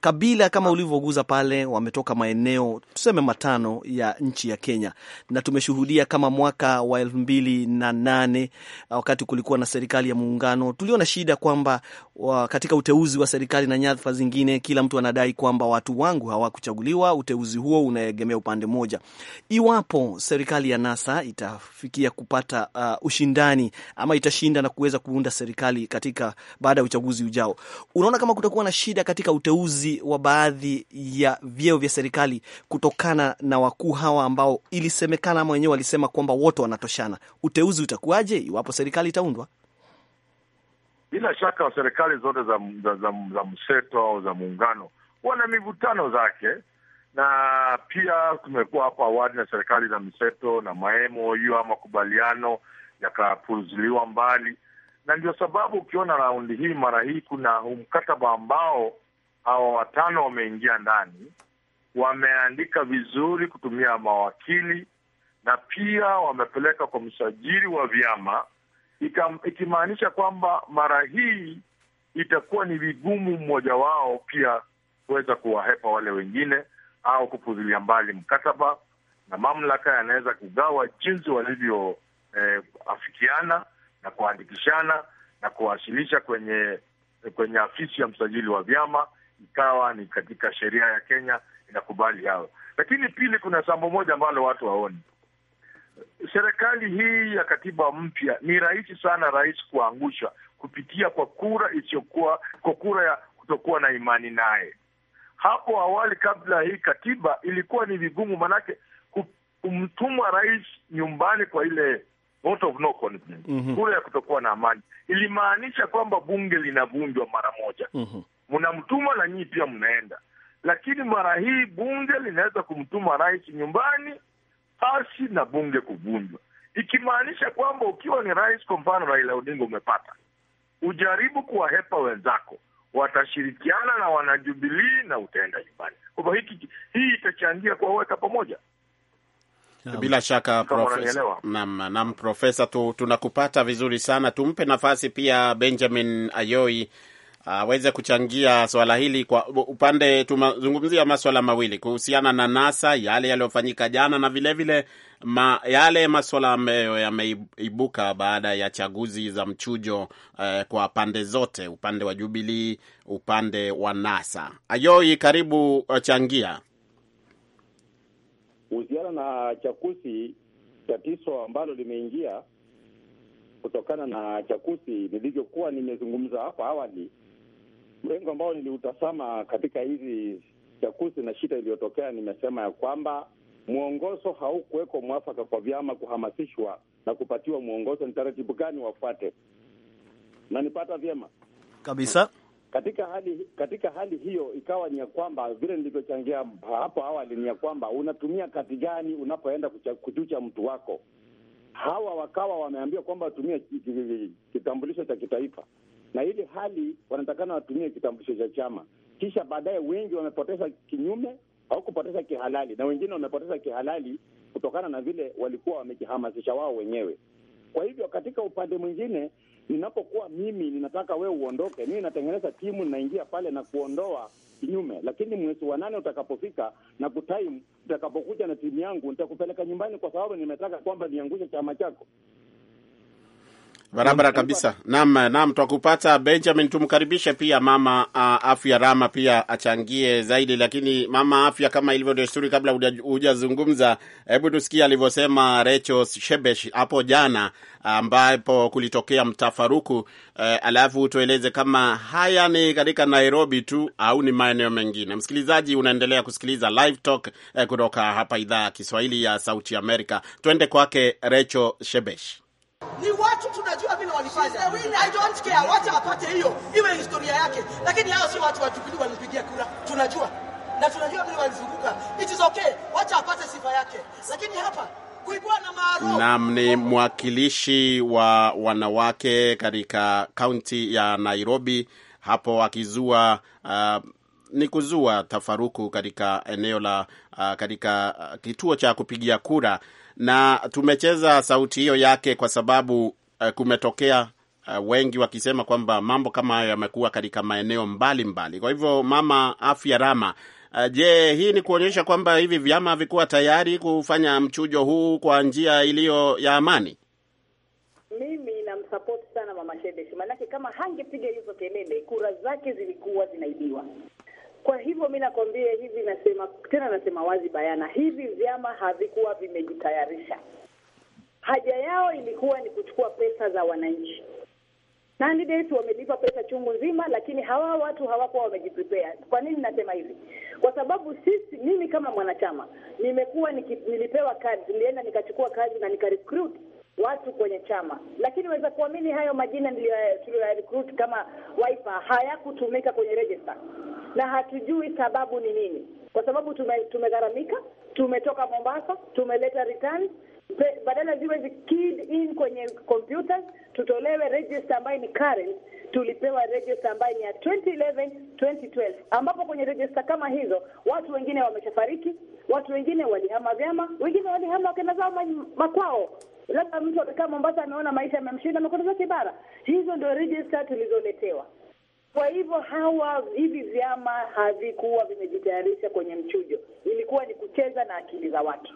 kabila kama ulivyoguza pale, wametoka maeneo tuseme matano ya nchi ya Kenya, na tumeshuhudia kama mwaka wa elfu mbili na nane uh, wakati kulikuwa na serikali ya muungano, tuliona shida kwamba katika uteuzi wa serikali na nyadhifa zingine, kila mtu anadai kwamba watu wangu hawakuchaguliwa, uteuzi huo unaegemea upande mmoja. Iwapo serikali ya NASA itafikia kupata uh, ushindani ama itashinda na kuweza kuunda serikali katika baada ya uchaguzi ujao, unaona kama kutakuwa na shida katika uteuzi uteuzi wa baadhi ya vyeo vya serikali kutokana na wakuu hawa ambao ilisemekana ama wenyewe walisema kwamba wote wanatoshana. Uteuzi utakuwaje iwapo serikali itaundwa? Bila shaka serikali zote za, za, za, za mseto au za muungano wana mivutano zake, na pia tumekuwa hapa awali na serikali za mseto na maemo hiyo ama makubaliano yakapuzuliwa mbali, na ndio sababu ukiona raundi hii mara hii kuna mkataba ambao hawa watano wameingia ndani, wameandika vizuri kutumia mawakili na pia wamepeleka kwa msajili wa vyama, ikimaanisha kwamba mara hii itakuwa ni vigumu mmoja wao pia kuweza kuwahepa wale wengine au kupuzilia mbali mkataba, na mamlaka yanaweza kugawa jinsi walivyoafikiana eh, na kuandikishana na kuwasilisha kwenye kwenye afisi ya msajili wa vyama ikawa ni katika sheria ya Kenya inakubali hao. Lakini pili, kuna jambo moja ambalo watu waoni, serikali hii ya katiba mpya ni rahisi sana rais kuangusha kupitia kwa kura isiyokuwa kwa kura ya kutokuwa na imani naye. Hapo awali kabla hii katiba ilikuwa ni vigumu, manake kumtumwa rais nyumbani kwa ile vote of no confidence, mhm. kura mm -hmm. ya kutokuwa na amani ilimaanisha kwamba bunge linavunjwa mara moja. Mhm. Mnamtuma mm -hmm. na nyinyi pia mnaenda, lakini mara hii bunge linaweza kumtuma rais nyumbani pasi na bunge kuvunjwa, ikimaanisha kwamba ukiwa ni rais, kwa mfano Raila Odinga, umepata ujaribu kuwahepa wenzako watashirikiana na wanajubilii na utaenda nyumbani. Kwa hivyo hii itachangia kuwaweka pamoja. Bila shaka nam profesa, tu, tunakupata vizuri sana. Tumpe nafasi pia Benjamin Ayoi uh, aweze uh, kuchangia swala hili kwa upande. Tumezungumzia maswala mawili kuhusiana na NASA, yale yaliyofanyika jana na vilevile vile, ma, yale maswala ambayo yameibuka baada ya chaguzi za mchujo uh, kwa pande zote, upande wa Jubilee, upande wa NASA. Ayoi, karibu uh, changia. Kuhusiana na chakusi, tatizo ambalo limeingia kutokana na chakusi, nilivyokuwa nimezungumza hapo awali, mrengo ambao niliutazama katika hizi chakusi na shida iliyotokea, nimesema ya kwamba mwongozo haukuweko mwafaka kwa vyama kuhamasishwa na kupatiwa mwongozo ni taratibu gani wafuate. Nanipata vyema kabisa. Katika hali katika hali hiyo ikawa ni ya kwamba vile nilivyochangia hapo awali, ni ya kwamba unatumia kati gani unapoenda kuchucha mtu wako. Hawa wakawa wameambiwa kwamba watumie kitambulisho cha kitaifa, na ile hali wanatakana watumie kitambulisho cha chama, kisha baadaye wengi wamepoteza kinyume au kupoteza kihalali, na wengine wamepoteza kihalali kutokana na vile walikuwa wamejihamasisha wao wenyewe. Kwa hivyo katika upande mwingine ninapokuwa mimi ninataka wewe uondoke, mimi natengeneza timu, ninaingia pale na kuondoa kinyume, lakini mwezi wa nane utakapofika na kutaimu, utakapokuja na timu yangu nitakupeleka nyumbani, kwa sababu nimetaka kwamba niangushe chama chako. Barabara kabisa. Naam, naam, twakupata Benjamin. Tumkaribishe pia mama uh, afya Rama pia achangie zaidi, lakini mama afya, kama ilivyo desturi, kabla hujazungumza, hebu tusikie alivyosema Recho Shebesh hapo jana, ambapo uh, kulitokea mtafaruku uh, alafu tueleze kama haya ni katika Nairobi tu au ni maeneo mengine. Msikilizaji, unaendelea kusikiliza Live Talk uh, kutoka hapa idhaa ya Kiswahili ya Sauti Amerika. Twende kwake Recho Shebesh. Ni watu tunajua vile walifanya. I don't care, wacha apate hiyo iwe historia yake, lakini hao si watu wa Jubilee walipigia kura, tunajua na tunajua vile walizunguka. It is okay, wacha apate sifa yake, lakini hapa Naam, ni mwakilishi wa wanawake katika kaunti ya Nairobi hapo akizua uh, ni kuzua tafaruku katika eneo la uh, katika uh, kituo cha kupigia kura na tumecheza sauti hiyo yake kwa sababu uh, kumetokea uh, wengi wakisema kwamba mambo kama hayo yamekuwa katika maeneo mbalimbali mbali. Kwa hivyo Mama Afya Rama, uh, je, hii ni kuonyesha kwamba hivi vyama havikuwa tayari kufanya mchujo huu kwa njia iliyo ya amani? Mimi namsapoti sana Mama Shebesh, maanake kama hangepiga hizo kelele, kura zake zilikuwa zinaibiwa. Kwa hivyo mi nakwambia hivi, nasema tena, nasema wazi bayana, hivi vyama havikuwa vimejitayarisha. Haja yao ilikuwa ni kuchukua pesa za wananchi. Candidates wamelipa pesa chungu nzima, lakini hawa watu hawakuwa wamejiprepare. Kwa nini nasema hivi? Kwa sababu sisi, mimi kama mwanachama nimekuwa nilipewa kazi nilienda nikachukua kazi na nikarecruit watu kwenye chama, lakini waweza kuamini hayo majina recruit kama waipa hayakutumika kwenye register, na hatujui sababu ni nini, kwa sababu tumegharamika, tume tumetoka Mombasa, tumeleta returns badala ziwe zikid in kwenye kompyuta, tutolewe register ambayo ni current. Tulipewa register ambayo ni ya 2011 2012, ambapo kwenye register kama hizo watu wengine wameshafariki, watu wengine walihama vyama, wengine walihama wakenda zao makwao labda mtu amekaa Mombasa, ameona maisha yamemshinda, amekoteza kibara. Hizo ndio register tulizoletewa. Kwa hivyo hawa hivi vyama havikuwa vimejitayarisha kwenye mchujo, ilikuwa ni kucheza na akili za watu.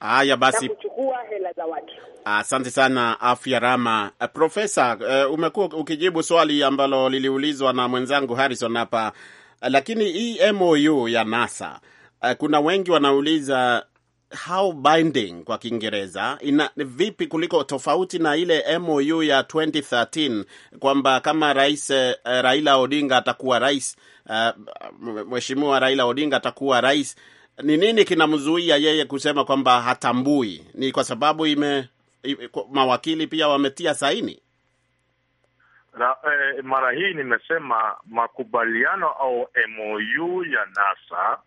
Haya basi, kuchukua hela za watu. Asante sana Afya Rama. Eh, profesa, uh, umekuwa ukijibu swali ambalo liliulizwa na mwenzangu Harrison hapa, lakini hii e MOU ya NASA, uh, kuna wengi wanauliza how binding kwa Kiingereza ina vipi kuliko tofauti na ile MOU ya 2013 kwamba kama rais uh, Raila Odinga atakuwa rais uh, mheshimiwa Raila Odinga atakuwa rais, ni nini kinamzuia yeye kusema kwamba hatambui? Ni kwa sababu ime, ime mawakili pia wametia saini na, eh, mara hii nimesema makubaliano au MOU ya NASA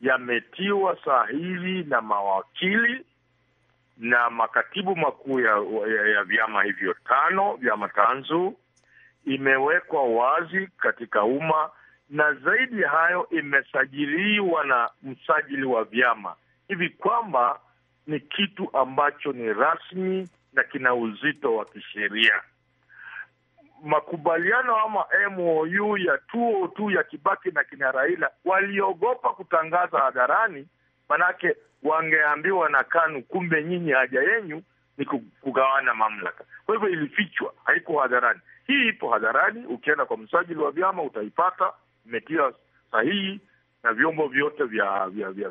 yametiwa sahihi na mawakili na makatibu makuu ya, ya, ya vyama hivyo tano, vya matanzu Imewekwa wazi katika umma, na zaidi ya hayo imesajiliwa na msajili wa vyama, hivi kwamba ni kitu ambacho ni rasmi na kina uzito wa kisheria makubaliano ama MOU ya tu ya Kibaki na kina Raila, waliogopa kutangaza hadharani, manake wangeambiwa na KANU, kumbe nyinyi haja yenyu ni kugawana mamlaka. Kwa hivyo ilifichwa, haiko hadharani. Hii ipo hadharani, ukienda kwa msajili wa vyama utaipata imetia sahihi na vyombo vyote vya vya vya vya vya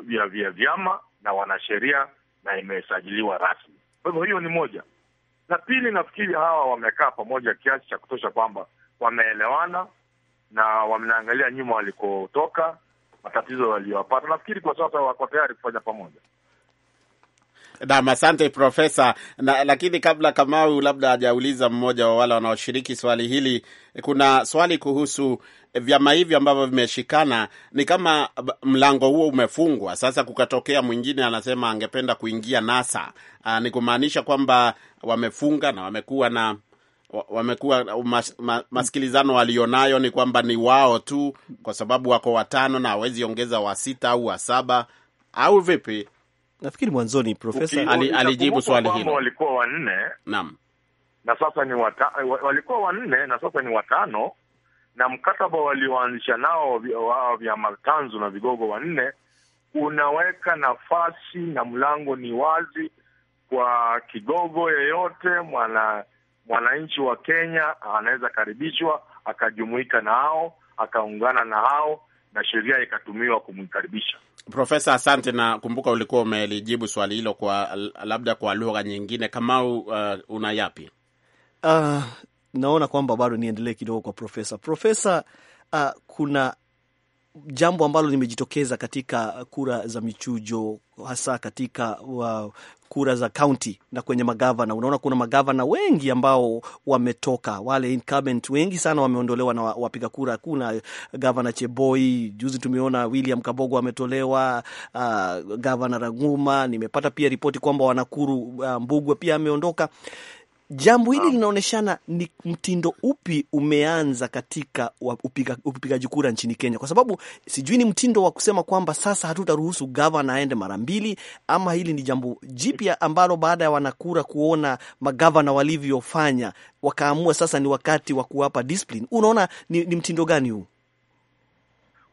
vyama vya, vyama na wanasheria na imesajiliwa rasmi. Kwa hivyo hiyo ni moja. La pili, nafikiri hawa wamekaa pamoja kiasi cha kutosha kwamba wameelewana na wameangalia nyuma walikotoka, matatizo waliyopata. Nafikiri kwa sasa wako tayari kufanya pamoja. Naam, asante Profesa. Na lakini kabla Kamau labda hajauliza mmoja wa wale wanaoshiriki swali hili, kuna swali kuhusu vyama hivyo ambavyo vimeshikana, ni kama mlango huo umefungwa sasa. Kukatokea mwingine anasema angependa kuingia NASA. Aa, ni kumaanisha kwamba wamefunga na wamekuwa na wamekuwa mas, mas, masikilizano walionayo ni kwamba ni wao tu, kwa sababu wako watano na hawezi ongeza wa sita au wa saba au vipi? Nafikiri mwanzoni profesa alijibu swali hilo, walikuwa wanne. Naam, na sasa ni wata, walikuwa wanne na sasa ni watano, na mkataba walioanzisha nao wao vyama tanzu na vigogo wanne unaweka nafasi na mlango ni wazi kwa kigogo yeyote, mwana mwananchi wa Kenya anaweza karibishwa akajumuika na hao akaungana na hao na sheria ikatumiwa kumkaribisha. Profesa, asante. Na kumbuka ulikuwa umelijibu swali hilo kwa labda kwa lugha nyingine. Kamau, uh, una yapi? Uh, naona kwamba bado niendelee kidogo kwa profesa. Profesa, uh, kuna jambo ambalo limejitokeza katika kura za michujo hasa katika kura za kaunti na kwenye magavana. Unaona kuna magavana wengi ambao wametoka, wale incumbent wengi sana wameondolewa na wapiga kura. Kuna eh, gavana Cheboi, juzi tumeona William Kabogo ametolewa, uh, ah, gavana Ranguma. Nimepata pia ripoti kwamba wanakuru uh, Mbugwe pia ameondoka. Jambo hili linaoneshana ni mtindo upi umeanza katika upigaji kura nchini Kenya, kwa sababu sijui ni mtindo wa kusema kwamba sasa hatutaruhusu gavana aende mara mbili, ama hili ni jambo jipya ambalo baada ya wanakura kuona magavana walivyofanya wakaamua sasa ni wakati wa kuwapa discipline. Unaona ni, ni mtindo gani huu?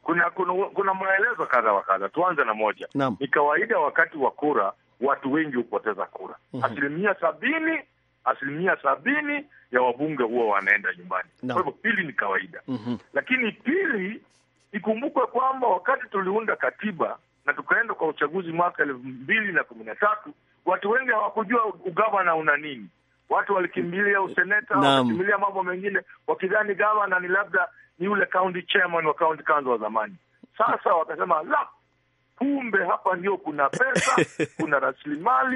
Kuna kuna, kuna maelezo kadha wa kadha. Tuanze na moja. Naam. Ni kawaida wakati wa kura watu wengi hupoteza kura, mhm. asilimia sabini asilimia sabini ya wabunge huwa wanaenda nyumbani no. Kwa hivyo hili ni kawaida mm -hmm. Lakini pili, ikumbukwe kwamba wakati tuliunda katiba na tukaenda kwa uchaguzi mwaka elfu mbili na kumi na tatu watu wengi hawakujua ugavana una nini. Watu walikimbilia useneta, walikimbilia mambo mengine, wakidhani gavana ni labda ni yule county chairman wa county council wa zamani. Sasa wakasema la, kumbe hapa ndio kuna pesa kuna rasilimali,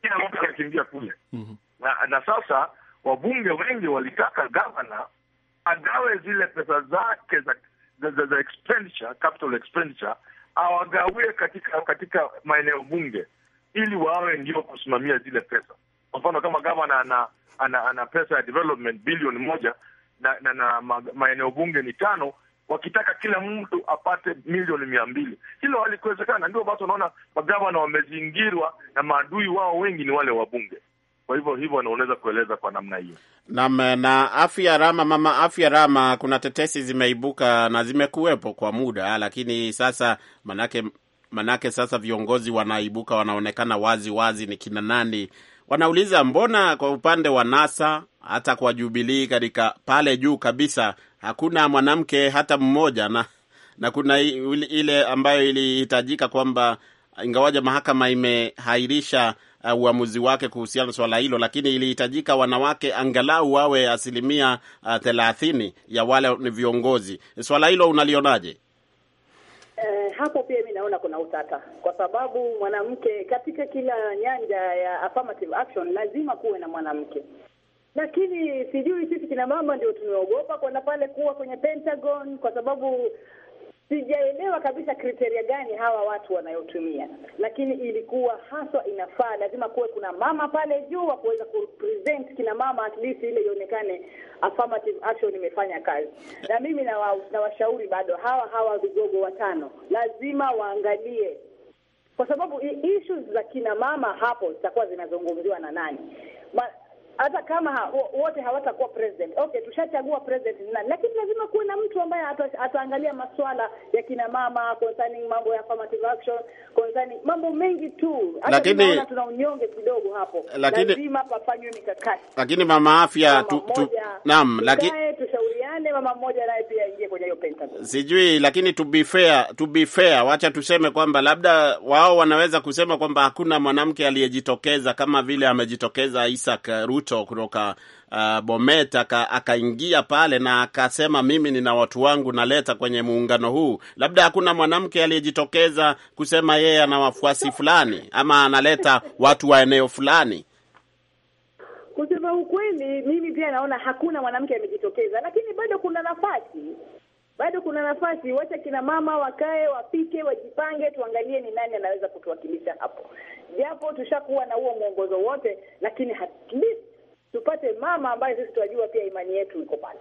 kila mtu akakimbia kule. mm -hmm na, na sasa wabunge wengi walitaka gavana agawe zile pesa zake za, za, za, za expenditure, capital expenditure awagawie katika katika maeneo bunge ili wawe ndio kusimamia zile pesa. Kwa mfano kama gavana ana, ana, ana pesa ya development bilioni moja na, na, na ma, maeneo bunge ni tano, wakitaka kila mtu apate milioni mia mbili. Hilo halikuwezekana, ndio basi unaona magavana wamezingirwa na maadui wao wengi ni wale wabunge. Kwa hivyo hivyo unaweza kueleza kwa namna hiyo. Naam. Na afya rama, mama afya rama, kuna tetesi zimeibuka na zimekuwepo kwa muda, lakini sasa manake manake sasa viongozi wanaibuka, wanaonekana wazi wazi ni kina nani. Wanauliza, mbona kwa upande wa NASA hata kwa Jubilii katika pale juu kabisa hakuna mwanamke hata mmoja, na na kuna ile ambayo ilihitajika kwamba ingawaja mahakama imehairisha uh, uamuzi wake kuhusiana swala hilo, lakini ilihitajika wanawake angalau wawe asilimia uh, thelathini ya wale ni viongozi. Swala hilo unalionaje? Eh, hapo pia mi naona kuna utata, kwa sababu mwanamke katika kila nyanja ya affirmative action lazima kuwe na mwanamke, lakini sijui sisi kina mama ndio tumeogopa kwenda pale kuwa kwenye Pentagon, kwa sababu Sijaelewa kabisa kriteria gani hawa watu wanayotumia, lakini ilikuwa haswa inafaa lazima kuwe kuna mama pale juu wa kuweza kupresent kina mama, at least ile ionekane affirmative action imefanya kazi. Na mimi nawashauri na bado hawa hawa vigogo watano lazima waangalie, kwa sababu issues za kina mama hapo zitakuwa zinazungumziwa na nani Ma hata kama ha, wote hawatakuwa president. Okay, tushachagua president nani, lakini lazima kuwe na mtu ambaye ataangalia masuala ya kina mama concerning mambo ya affirmative action, concerning mambo mengi tu. Lakini tuna unyonge kidogo hapo, lakini lazima pafanywe mikakati. Lakini mama afya tu, tu, naam, lakini tushauriane, mama mmoja naye pia ingie kwenye hiyo Pentagon, sijui. Lakini to be fair, to be fair, wacha tuseme kwamba labda wao wanaweza kusema kwamba hakuna mwanamke aliyejitokeza kama vile amejitokeza Isaac Ruto Ruto kutoka uh, Bomet akaingia pale na akasema mimi nina watu wangu naleta kwenye muungano huu. Labda hakuna mwanamke aliyejitokeza kusema yeye ana wafuasi fulani ama analeta watu wa eneo fulani. Kusema ukweli, mimi pia naona hakuna mwanamke amejitokeza, lakini bado kuna nafasi bado kuna nafasi. Wacha kina mama wakae, wapike, wajipange, tuangalie ni nani anaweza kutuwakilisha hapo, japo tushakuwa na huo mwongozo wote, lakini at least tupate mama ambaye sisi tunajua pia imani yetu iko pale.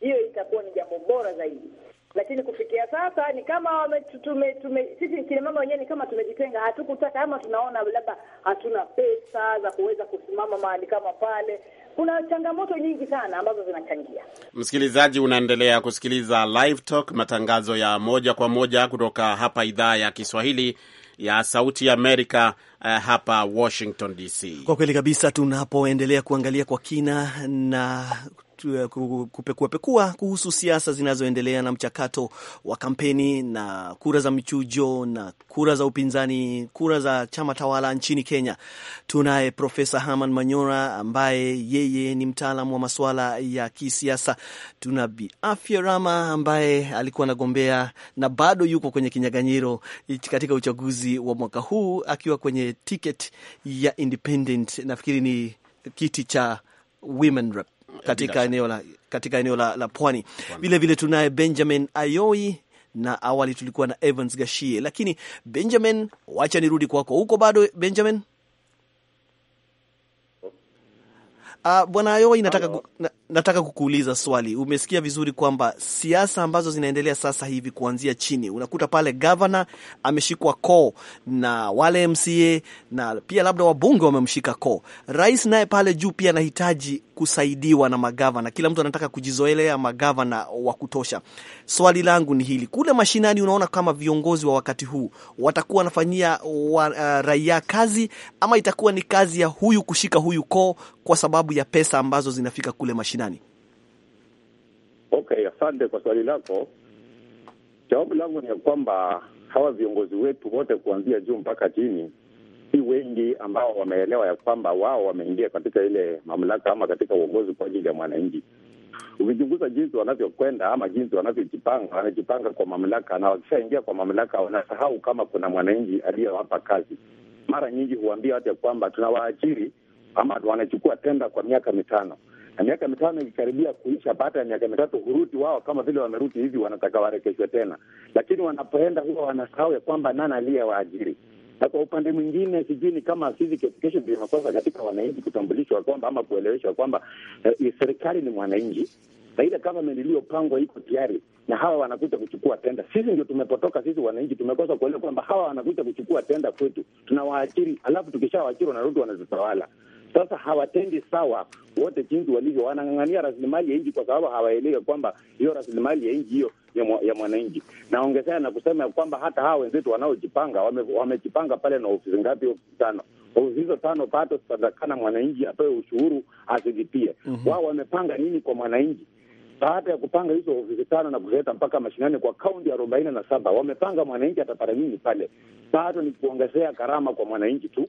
Hiyo itakuwa ni jambo bora zaidi, lakini kufikia sasa ni kama tume, tume, sisi kina mama wenyewe ni kama tumejitenga, hatukutaka ama tunaona labda hatuna pesa za kuweza kusimama mahali kama pale. Kuna changamoto nyingi sana ambazo zinachangia. Msikilizaji, unaendelea kusikiliza Live Talk, matangazo ya moja kwa moja kutoka hapa idhaa ya Kiswahili ya Sauti ya Amerika uh, hapa Washington DC. Kwa kweli kabisa, tunapoendelea kuangalia kwa kina na Eh, kupekuapekua kuhusu siasa zinazoendelea na mchakato wa kampeni na kura za michujo na kura za upinzani, kura za chama tawala nchini Kenya. Tunaye Profesa Herman Manyora ambaye yeye ni mtaalamu wa masuala ya kisiasa. Tuna Bi Afya Rama ambaye alikuwa anagombea na bado yuko kwenye kinyaganyiro katika uchaguzi wa mwaka huu akiwa kwenye ticket ya independent, nafikiri ni kiti cha women rep katika eneo la, katika eneo la, la pwani. Vilevile tunaye Benjamin Ayoi na awali tulikuwa na Evans Gashie, lakini Benjamin, wacha nirudi kwako huko. Bado Benjamin? Uh, bwana Ayoi nataka nataka kukuuliza swali. Umesikia vizuri kwamba siasa ambazo zinaendelea sasa hivi kuanzia chini, unakuta pale gavana ameshikwa koo na wale MCA na pia labda wabunge wamemshika koo. Rais naye pale juu pia anahitaji kusaidiwa na magavana, kila mtu anataka kujizoelea magavana wa kutosha. Swali langu ni hili, kule mashinani, unaona kama viongozi wa wakati huu watakuwa wanafanyia wa, uh, raia kazi ama itakuwa ni kazi ya huyu kushika huyu koo kwa sababu ya pesa ambazo zinafika kule mashinani? ni nani? Okay, asante kwa swali lako. Jawabu langu ni ya kwamba hawa viongozi wetu wote kuanzia juu mpaka chini, si wengi ambao wameelewa ya kwamba wao wameingia katika ile mamlaka ama katika uongozi kwa ajili ya mwananchi. Ukichunguza jinsi wanavyokwenda ama jinsi wanavyojipanga, wanajipanga kwa mamlaka, na wakishaingia kwa mamlaka wanasahau kama kuna mwananchi aliyewapa kazi. Mara nyingi huambia watu ya kwamba tunawaajiri ama wanachukua tenda kwa miaka mitano na miaka mitano ikikaribia kuisha, baada ya miaka mitatu huruti wao, kama vile wameruti hivi, wanataka warekeshwe tena, lakini wanapoenda huwa wanasahau ya kwamba nani waajiri na kwa upande mwingine sijui ni kama kesho ndio makosa katika wananchi kutambulishwa kwamba ama kueleweshwa kwamba eh, serikali ni mwananchi na ile government iliyopangwa iko tayari, na hawa wanakuja kuchukua tenda. Sisi ndio tumepotoka, sisi wananchi tumekosa kuelewa kwamba hawa wanakuja kuchukua tenda kwetu, tunawaajiri, alafu tukishawaajiri wanarudi wanazitawala. Sasa hawatendi sawa wote jinsi walivyo, wanang'ang'ania rasilimali ya nchi kwa sababu hawaelewi kwamba hiyo rasilimali ya nchi hiyo ya mwananchi. Naongezea na kusema kwamba hata hawa wenzetu wanaojipanga wamejipanga wame pale na ofisi ngapi? Ofisi tano ofisi hizo tano pato zitatakana mwananchi apewe ushuru azilipie. mm -hmm. Wao wamepanga nini kwa mwananchi? Baada ya kupanga hizo ofisi tano na kuleta mpaka mashinani kwa kaunti arobaini na saba wamepanga mwananchi atapata nini pale? Bado ni kuongezea gharama kwa mwananchi tu.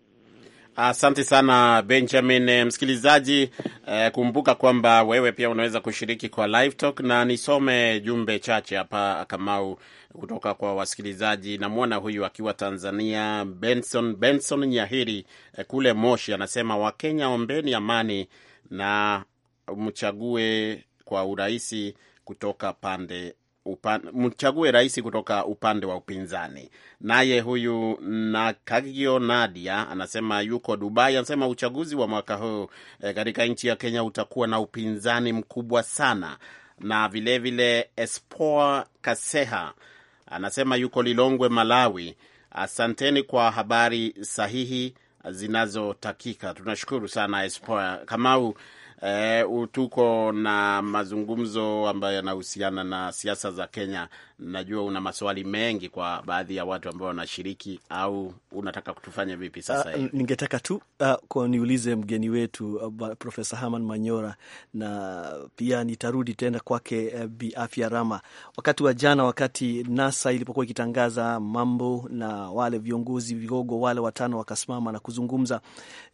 Asante sana Benjamin. Eh, msikilizaji eh, kumbuka kwamba wewe pia unaweza kushiriki kwa live talk, na nisome jumbe chache hapa Kamau, kutoka kwa wasikilizaji. Namwona huyu akiwa Tanzania, Benson Benson Nyahiri eh, kule Moshi, anasema Wakenya ombeni amani na mchague kwa urahisi kutoka pande mchague rais kutoka upande wa upinzani. Naye huyu Nakagio Nadia anasema yuko Dubai, anasema uchaguzi wa mwaka huu e, katika nchi ya Kenya utakuwa na upinzani mkubwa sana. Na vilevile vile Espoa Kaseha anasema yuko Lilongwe, Malawi. Asanteni kwa habari sahihi zinazotakika. Tunashukuru sana Espoa Kamau. E, tuko na mazungumzo ambayo yanahusiana na siasa za Kenya. Najua una maswali mengi kwa baadhi ya watu ambao wanashiriki, au unataka kutufanya vipi sasa ah, hivi? Ningetaka tu uh, niulize mgeni wetu uh, Profesa Herman Manyora, na pia nitarudi tena kwake uh, Bi Afya Rama wakati wa jana, wakati NASA ilipokuwa ikitangaza mambo na wale viongozi vigogo wale watano wakasimama na kuzungumza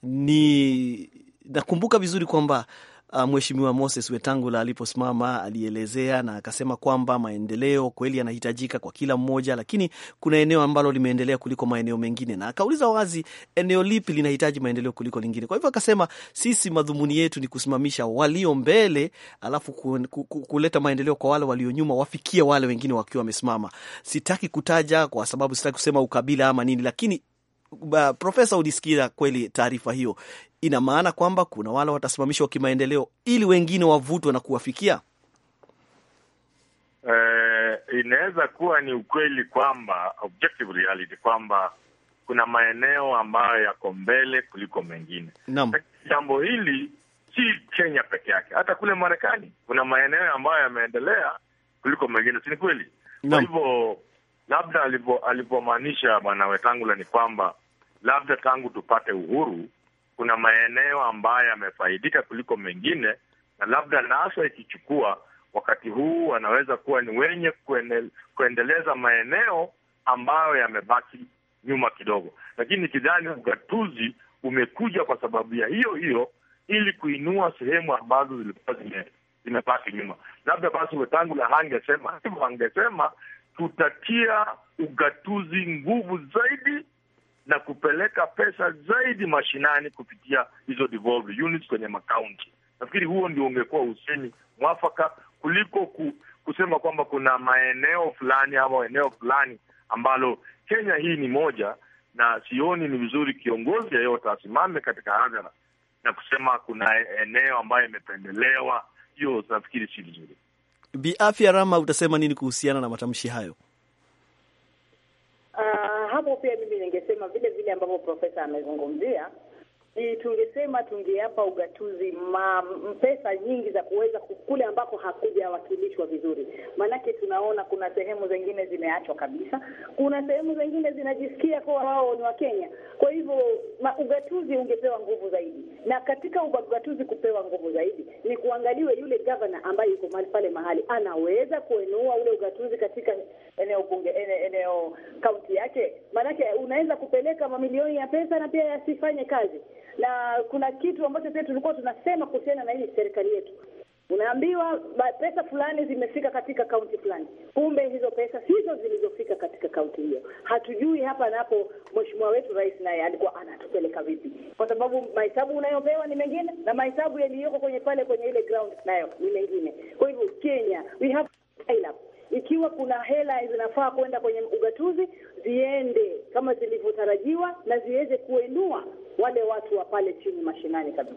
ni nakumbuka vizuri kwamba uh, Mheshimiwa Moses Wetangula aliposimama alielezea na akasema kwamba maendeleo kweli yanahitajika kwa kila mmoja, lakini kuna eneo ambalo limeendelea kuliko maeneo mengine, na akauliza wazi eneo lipi linahitaji maendeleo kuliko lingine. Kwa hivyo akasema, sisi madhumuni yetu ni kusimamisha walio mbele, alafu ku, ku, ku, kuleta maendeleo kwa wale walio nyuma, wafikie wale wengine wakiwa wamesimama. Sitaki kutaja kwa sababu sitaki kusema ukabila ama nini, lakini Profesa, ulisikia kweli taarifa hiyo ina maana kwamba kuna wale watasimamishwa kimaendeleo ili wengine wavutwe na kuwafikia. Eh, inaweza kuwa ni ukweli kwamba objective reality kwamba kuna maeneo ambayo yako mbele kuliko mengine. jambo hili si Kenya peke yake, hata kule Marekani kuna maeneo ambayo yameendelea kuliko mengine, si ni kweli? Kwa hivyo labda alivyomaanisha Bwana Wetangula ni kwamba labda tangu tupate uhuru kuna maeneo ambayo yamefaidika kuliko mengine, na labda NASA ikichukua wakati huu wanaweza kuwa ni wenye kuendeleza maeneo ambayo yamebaki nyuma kidogo, lakini kidhani ugatuzi umekuja kwa sababu ya hiyo hiyo, ili kuinua sehemu ambazo zilikuwa zimebaki nyuma. Labda basi Wetangula hangesema hivyo, angesema tutatia ugatuzi nguvu zaidi na kupeleka pesa zaidi mashinani kupitia hizo devolved units kwenye makaunti. Nafikiri huo ndio ungekuwa usemi mwafaka kuliko ku, kusema kwamba kuna maeneo fulani ama eneo fulani ambalo Kenya hii ni moja, na sioni ni vizuri kiongozi yeyote asimame katika hadhara na kusema kuna eneo ambayo imependelewa. Hiyo nafikiri si vizuri. Biafya Rama, utasema nini kuhusiana na matamshi hayo? vile ambavyo profesa amezungumzia E, tungesema tungeapa ugatuzi ma, pesa nyingi za kuweza kule ambako hakujawakilishwa vizuri, maanake tunaona kuna sehemu zingine zimeachwa kabisa, kuna sehemu zingine zinajisikia kuwa wao ni Wakenya. Kwa hivyo ugatuzi ungepewa nguvu zaidi, na katika ugatuzi kupewa nguvu zaidi ni kuangaliwe yule gavana ambaye yuko mahali pale, mahali anaweza kuenua ule ugatuzi katika eneo bunge, eneo kaunti yake, maanake unaweza kupeleka mamilioni ya pesa na pia yasifanye kazi na kuna kitu ambacho pia tulikuwa tunasema kuhusiana na hii serikali yetu unaambiwa pesa fulani zimefika katika kaunti fulani, kumbe hizo pesa sizo zilizofika katika kaunti hiyo. Hatujui hapa napo mweshimua mheshimiwa wetu rais naye alikuwa anatupeleka vipi, kwa sababu mahesabu unayopewa ni mengine na mahesabu yaliyoko kwenye pale kwenye ile ground nayo ni mengine. Kwa hivyo Kenya we have ikiwa kuna hela zinafaa kwenda kwenye ugatuzi ziende kama zilivyotarajiwa na ziweze kuenua wale watu wa pale chini mashinani kabisa.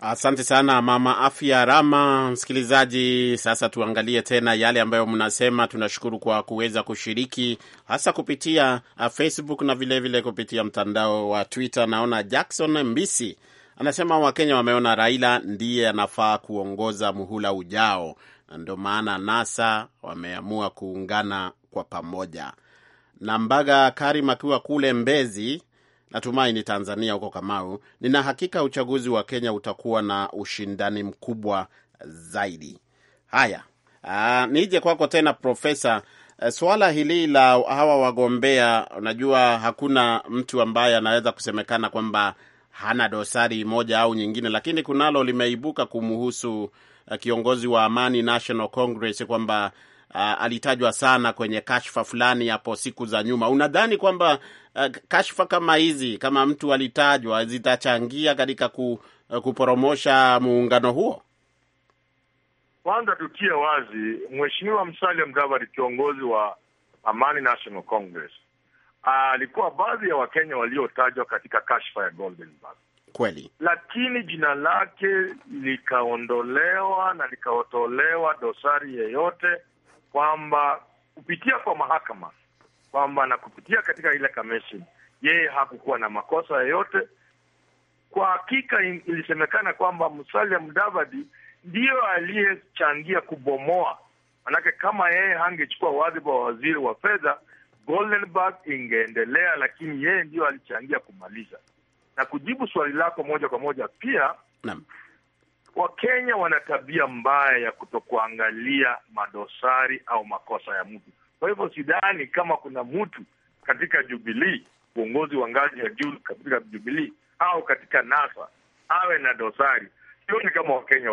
Asante sana Mama Afya Rama. Msikilizaji, sasa tuangalie tena yale ambayo mnasema. Tunashukuru kwa kuweza kushiriki hasa kupitia uh, Facebook na vilevile vile kupitia mtandao wa Twitter. Naona Jackson Mbisi anasema Wakenya wameona Raila ndiye anafaa kuongoza muhula ujao ndio maana NASA wameamua kuungana kwa pamoja. Na Mbaga Karim akiwa kule Mbezi, natumai ni Tanzania huko. Kamau, nina hakika uchaguzi wa Kenya utakuwa na ushindani mkubwa zaidi. Haya, nije kwako tena Profesa. Swala hili la hawa wagombea, unajua hakuna mtu ambaye anaweza kusemekana kwamba hana dosari moja au nyingine, lakini kunalo limeibuka kumuhusu Eh, kiongozi wa Amani National Congress kwamba uh, alitajwa sana kwenye kashfa fulani hapo siku za nyuma. Unadhani kwamba uh, kashfa kama hizi, kama mtu alitajwa, zitachangia katika ku, uh, kuporomosha muungano huo? Kwanza tukie wazi, Mheshimiwa Musalia Mudavadi, kiongozi wa Amani National Congress, ah, alikuwa baadhi ya Wakenya waliotajwa katika kashfa ya Golden kweli, lakini jina lake likaondolewa na likaotolewa dosari yeyote kwamba kupitia kwa mahakama kwamba na kupitia katika ile kamisheni, yeye hakukuwa na makosa yoyote. Kwa hakika ilisemekana kwamba Musalia Mudavadi ndiyo aliyechangia kubomoa, manake kama yeye hangechukua wadhifa wa waziri wa fedha Goldenberg ingeendelea, lakini yeye ndiyo alichangia kumaliza na kujibu swali lako moja kwa moja pia naam. Wakenya wana tabia mbaya ya kutokuangalia madosari au makosa ya mtu. Kwa hivyo sidhani kama kuna mtu katika Jubilee, uongozi wa ngazi ya juu katika Jubilee au katika NASA awe na dosari. Sioni kama Wakenya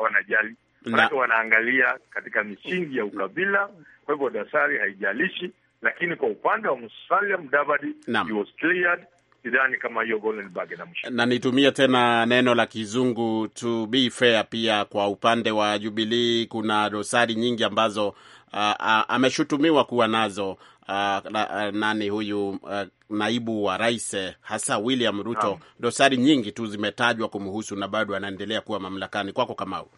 wanajali, manake wanaangalia katika misingi ya ukabila. Kwa hivyo dosari haijalishi, lakini kwa upande wa Musalia Mudavadi, he was cleared sidhani kama hiyo Golden Bag na mshindi. Na nitumie tena neno la kizungu to be fair, pia kwa upande wa Jubilee kuna dosari nyingi ambazo uh, uh, ameshutumiwa kuwa nazo uh, na, uh, nani huyu uh, naibu wa rais hasa William Ruto naam. Dosari nyingi tu zimetajwa kumhusu na bado anaendelea kuwa mamlakani. Kwako Kamau.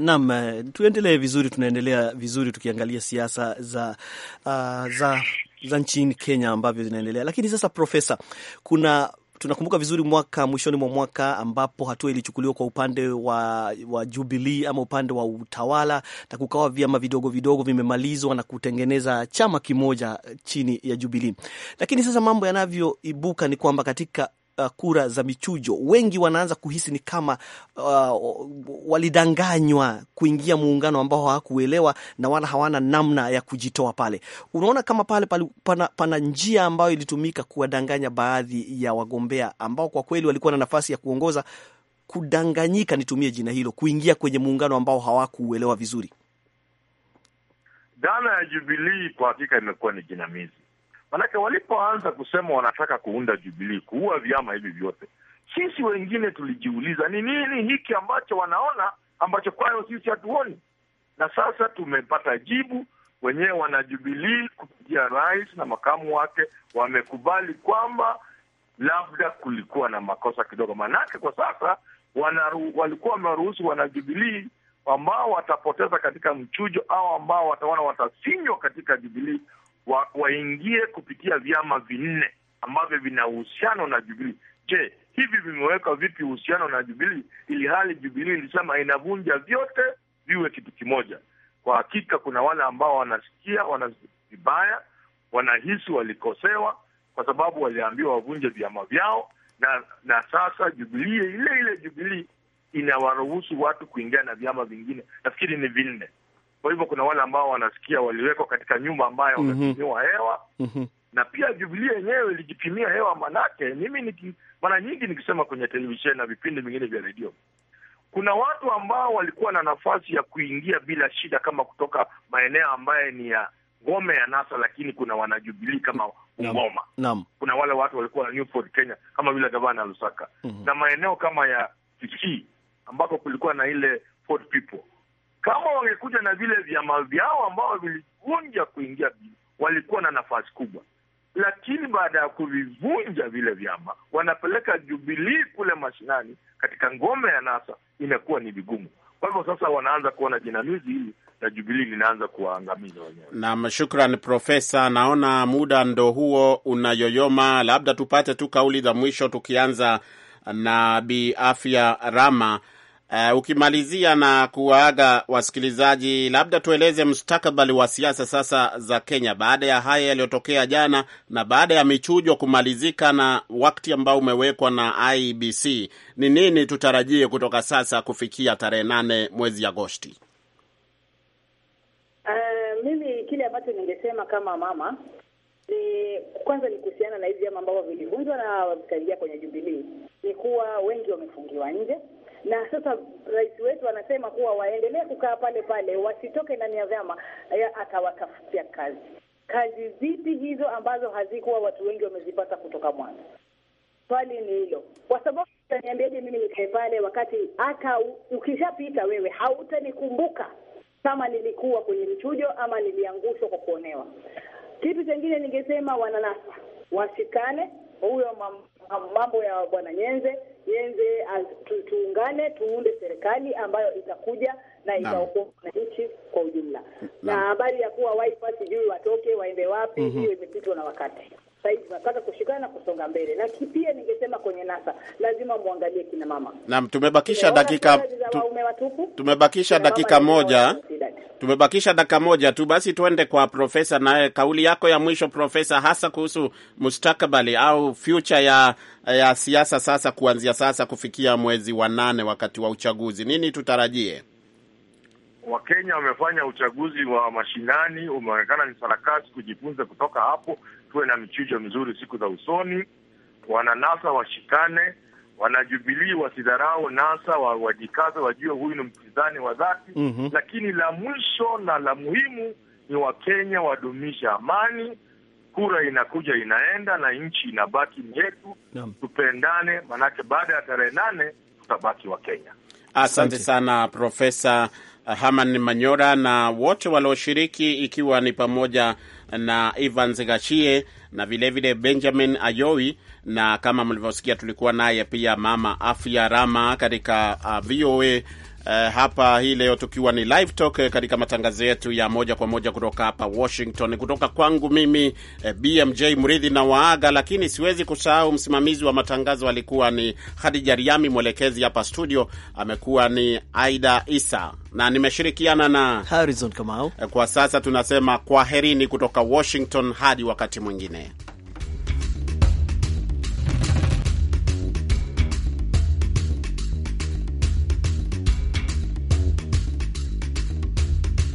Naam, eh, tuendelee vizuri, tunaendelea vizuri tukiangalia siasa za, uh, za za nchini Kenya ambavyo zinaendelea. Lakini sasa, Profesa, kuna tunakumbuka vizuri mwaka mwishoni mwa mwaka ambapo hatua ilichukuliwa kwa upande wa, wa Jubilee ama upande wa utawala na kukawa vyama vidogo vidogo vimemalizwa na kutengeneza chama kimoja chini ya Jubilee. Lakini sasa mambo yanavyoibuka ni kwamba katika uh, kura za michujo, wengi wanaanza kuhisi ni kama uh, walidanganywa kuingia muungano ambao hawakuelewa na wala hawana namna ya kujitoa pale. Unaona kama pale, pale pana, pana njia ambayo ilitumika kuwadanganya baadhi ya wagombea ambao kwa kweli walikuwa na nafasi ya kuongoza, kudanganyika, nitumie jina hilo, kuingia kwenye muungano ambao hawakuuelewa vizuri. Dhana ya Jubilii kwa hakika imekuwa ni jinamizi Manake walipoanza kusema wanataka kuunda Jubilii, kuua vyama hivi vyote, sisi wengine tulijiuliza ni nini hiki ambacho wanaona ambacho kwayo sisi hatuoni, na sasa tumepata jibu. Wenyewe wana Jubilii kupitia rais na makamu wake wamekubali kwamba labda kulikuwa na makosa kidogo, manake kwa sasa wanaru, walikuwa wameruhusu wanajubilii ambao watapoteza katika mchujo au ambao wataona watasinywa katika Jubilii wa, waingie kupitia vyama vinne ambavyo vina uhusiano na jubilii Je, hivi vimeweka vipi uhusiano na Jubilii ili hali jubilii ilisema inavunja vyote viwe kitu kimoja? Kwa hakika kuna wale ambao wanasikia wana vibaya, wanahisi walikosewa kwa sababu waliambiwa wavunje vyama vyao, na na sasa jubilii ile ile inawaruhusu watu kuingia na vyama vingine, nafikiri ni vinne. Kwa hivyo kuna wale ambao wanasikia waliwekwa katika nyumba ambayo mm -hmm. hewa mm -hmm. na pia Jubilia yenyewe ilijipimia hewa, manake mimi niki, mara nyingi nikisema kwenye televisheni na vipindi vingine vya redio kuna watu ambao walikuwa na nafasi ya kuingia bila shida, kama kutoka maeneo ambaye ni ya ngome ya NASA, lakini kuna wanajubilii kama Ugoma. Naam, kuna wale watu walikuwa na Kenya, kama vile gavana Lusaka mm -hmm. na maeneo kama ya Kisii ambako kulikuwa na ile Ford people kama wangekuja na vile vyama vyao ambao vilivunja kuingia, walikuwa na nafasi kubwa, lakini baada ya kuvivunja vile vyama wanapeleka Jubilii kule mashinani, katika ngome ya NASA, inakuwa ni vigumu. Kwa hivyo sasa wanaanza kuona jinamizi hili na Jubilii linaanza kuwaangamiza wenyewe. Naam, shukran Profesa. Naona muda ndo huo unayoyoma, labda tupate tu kauli za mwisho, tukianza na Bi Afya Rama. Uh, ukimalizia na kuwaaga wasikilizaji, labda tueleze mustakabali wa siasa sasa za Kenya baada ya haya yaliyotokea jana na baada ya michujo kumalizika na wakati ambao umewekwa na IBC, ni nini tutarajie kutoka sasa kufikia tarehe nane mwezi Agosti? Uh, mimi kile ambacho ningesema kama mama ni kwanza ni kuhusiana na hivi vyama ambavyo vilivunjwa na vitaingia kwenye Jubilii, ni kuwa wengi wamefungiwa nje na sasa rais wetu anasema kuwa waendelee kukaa pale pale, wasitoke ndani ya vyama, atawatafutia kazi. Kazi zipi hizo ambazo hazikuwa watu wengi wamezipata kutoka mwanzo? Swali ni hilo, kwa sababu utaniambiaje mimi nikae pale wakati hata ukishapita wewe hautanikumbuka kama nilikuwa kwenye mchujo ama niliangushwa kwa kuonewa. Kitu chengine ningesema, wananasa washikane, huyo mama mambo ya bwana Nyenze. Nyenze ah, tuungane, tuunde serikali ambayo itakuja na itaokoa wananchi kwa ujumla. Na habari ya kuwa waifa sijui watoke waende wapi, mhm. hiyo mm -hmm. imepitwa na wakati. Tunataka kushikana na kusonga mbele, na pia ningesema kwenye NASA lazima muangalie kina mama. Naam, tumebakisha dakika, tumebakisha dakika moja. Tumebakisha dakika moja tu, basi tuende kwa profesa, naye kauli yako ya mwisho profesa, hasa kuhusu mustakabali au future ya, ya siasa sasa, kuanzia sasa kufikia mwezi wa nane, wakati wa uchaguzi, nini tutarajie? Wakenya wamefanya uchaguzi wa mashinani, umeonekana ni sarakasi. Kujifunza kutoka hapo, tuwe na michujo mizuri siku za usoni, wananasa washikane wanajubilii wasidharau NASA, wajikaza, wajue huyu ni mpinzani wa dhati mm -hmm. Lakini la mwisho na la muhimu ni Wakenya wadumisha amani. Kura inakuja inaenda, na nchi inabaki ni yetu Tupendane, manake baada ya tarehe nane tutabaki Wakenya. Asante sana Profesa Haman Manyora na wote walioshiriki, ikiwa ni pamoja na ivan Gashie na vilevile vile Benjamin Ayoi, na kama mlivyosikia tulikuwa naye pia Mama Afya Rama katika uh, VOA uh, hapa hii leo tukiwa ni live talk eh, katika matangazo yetu ya moja kwa moja kutoka hapa Washington, kutoka kwangu mimi eh, BMJ Mridhi na waaga, lakini siwezi kusahau msimamizi wa matangazo alikuwa ni Khadija Riami, mwelekezi hapa studio amekuwa ni Aida Isa na nimeshirikiana na Harrison Kamau. Eh, kwa sasa tunasema kwaherini kutoka Washington hadi wakati mwingine.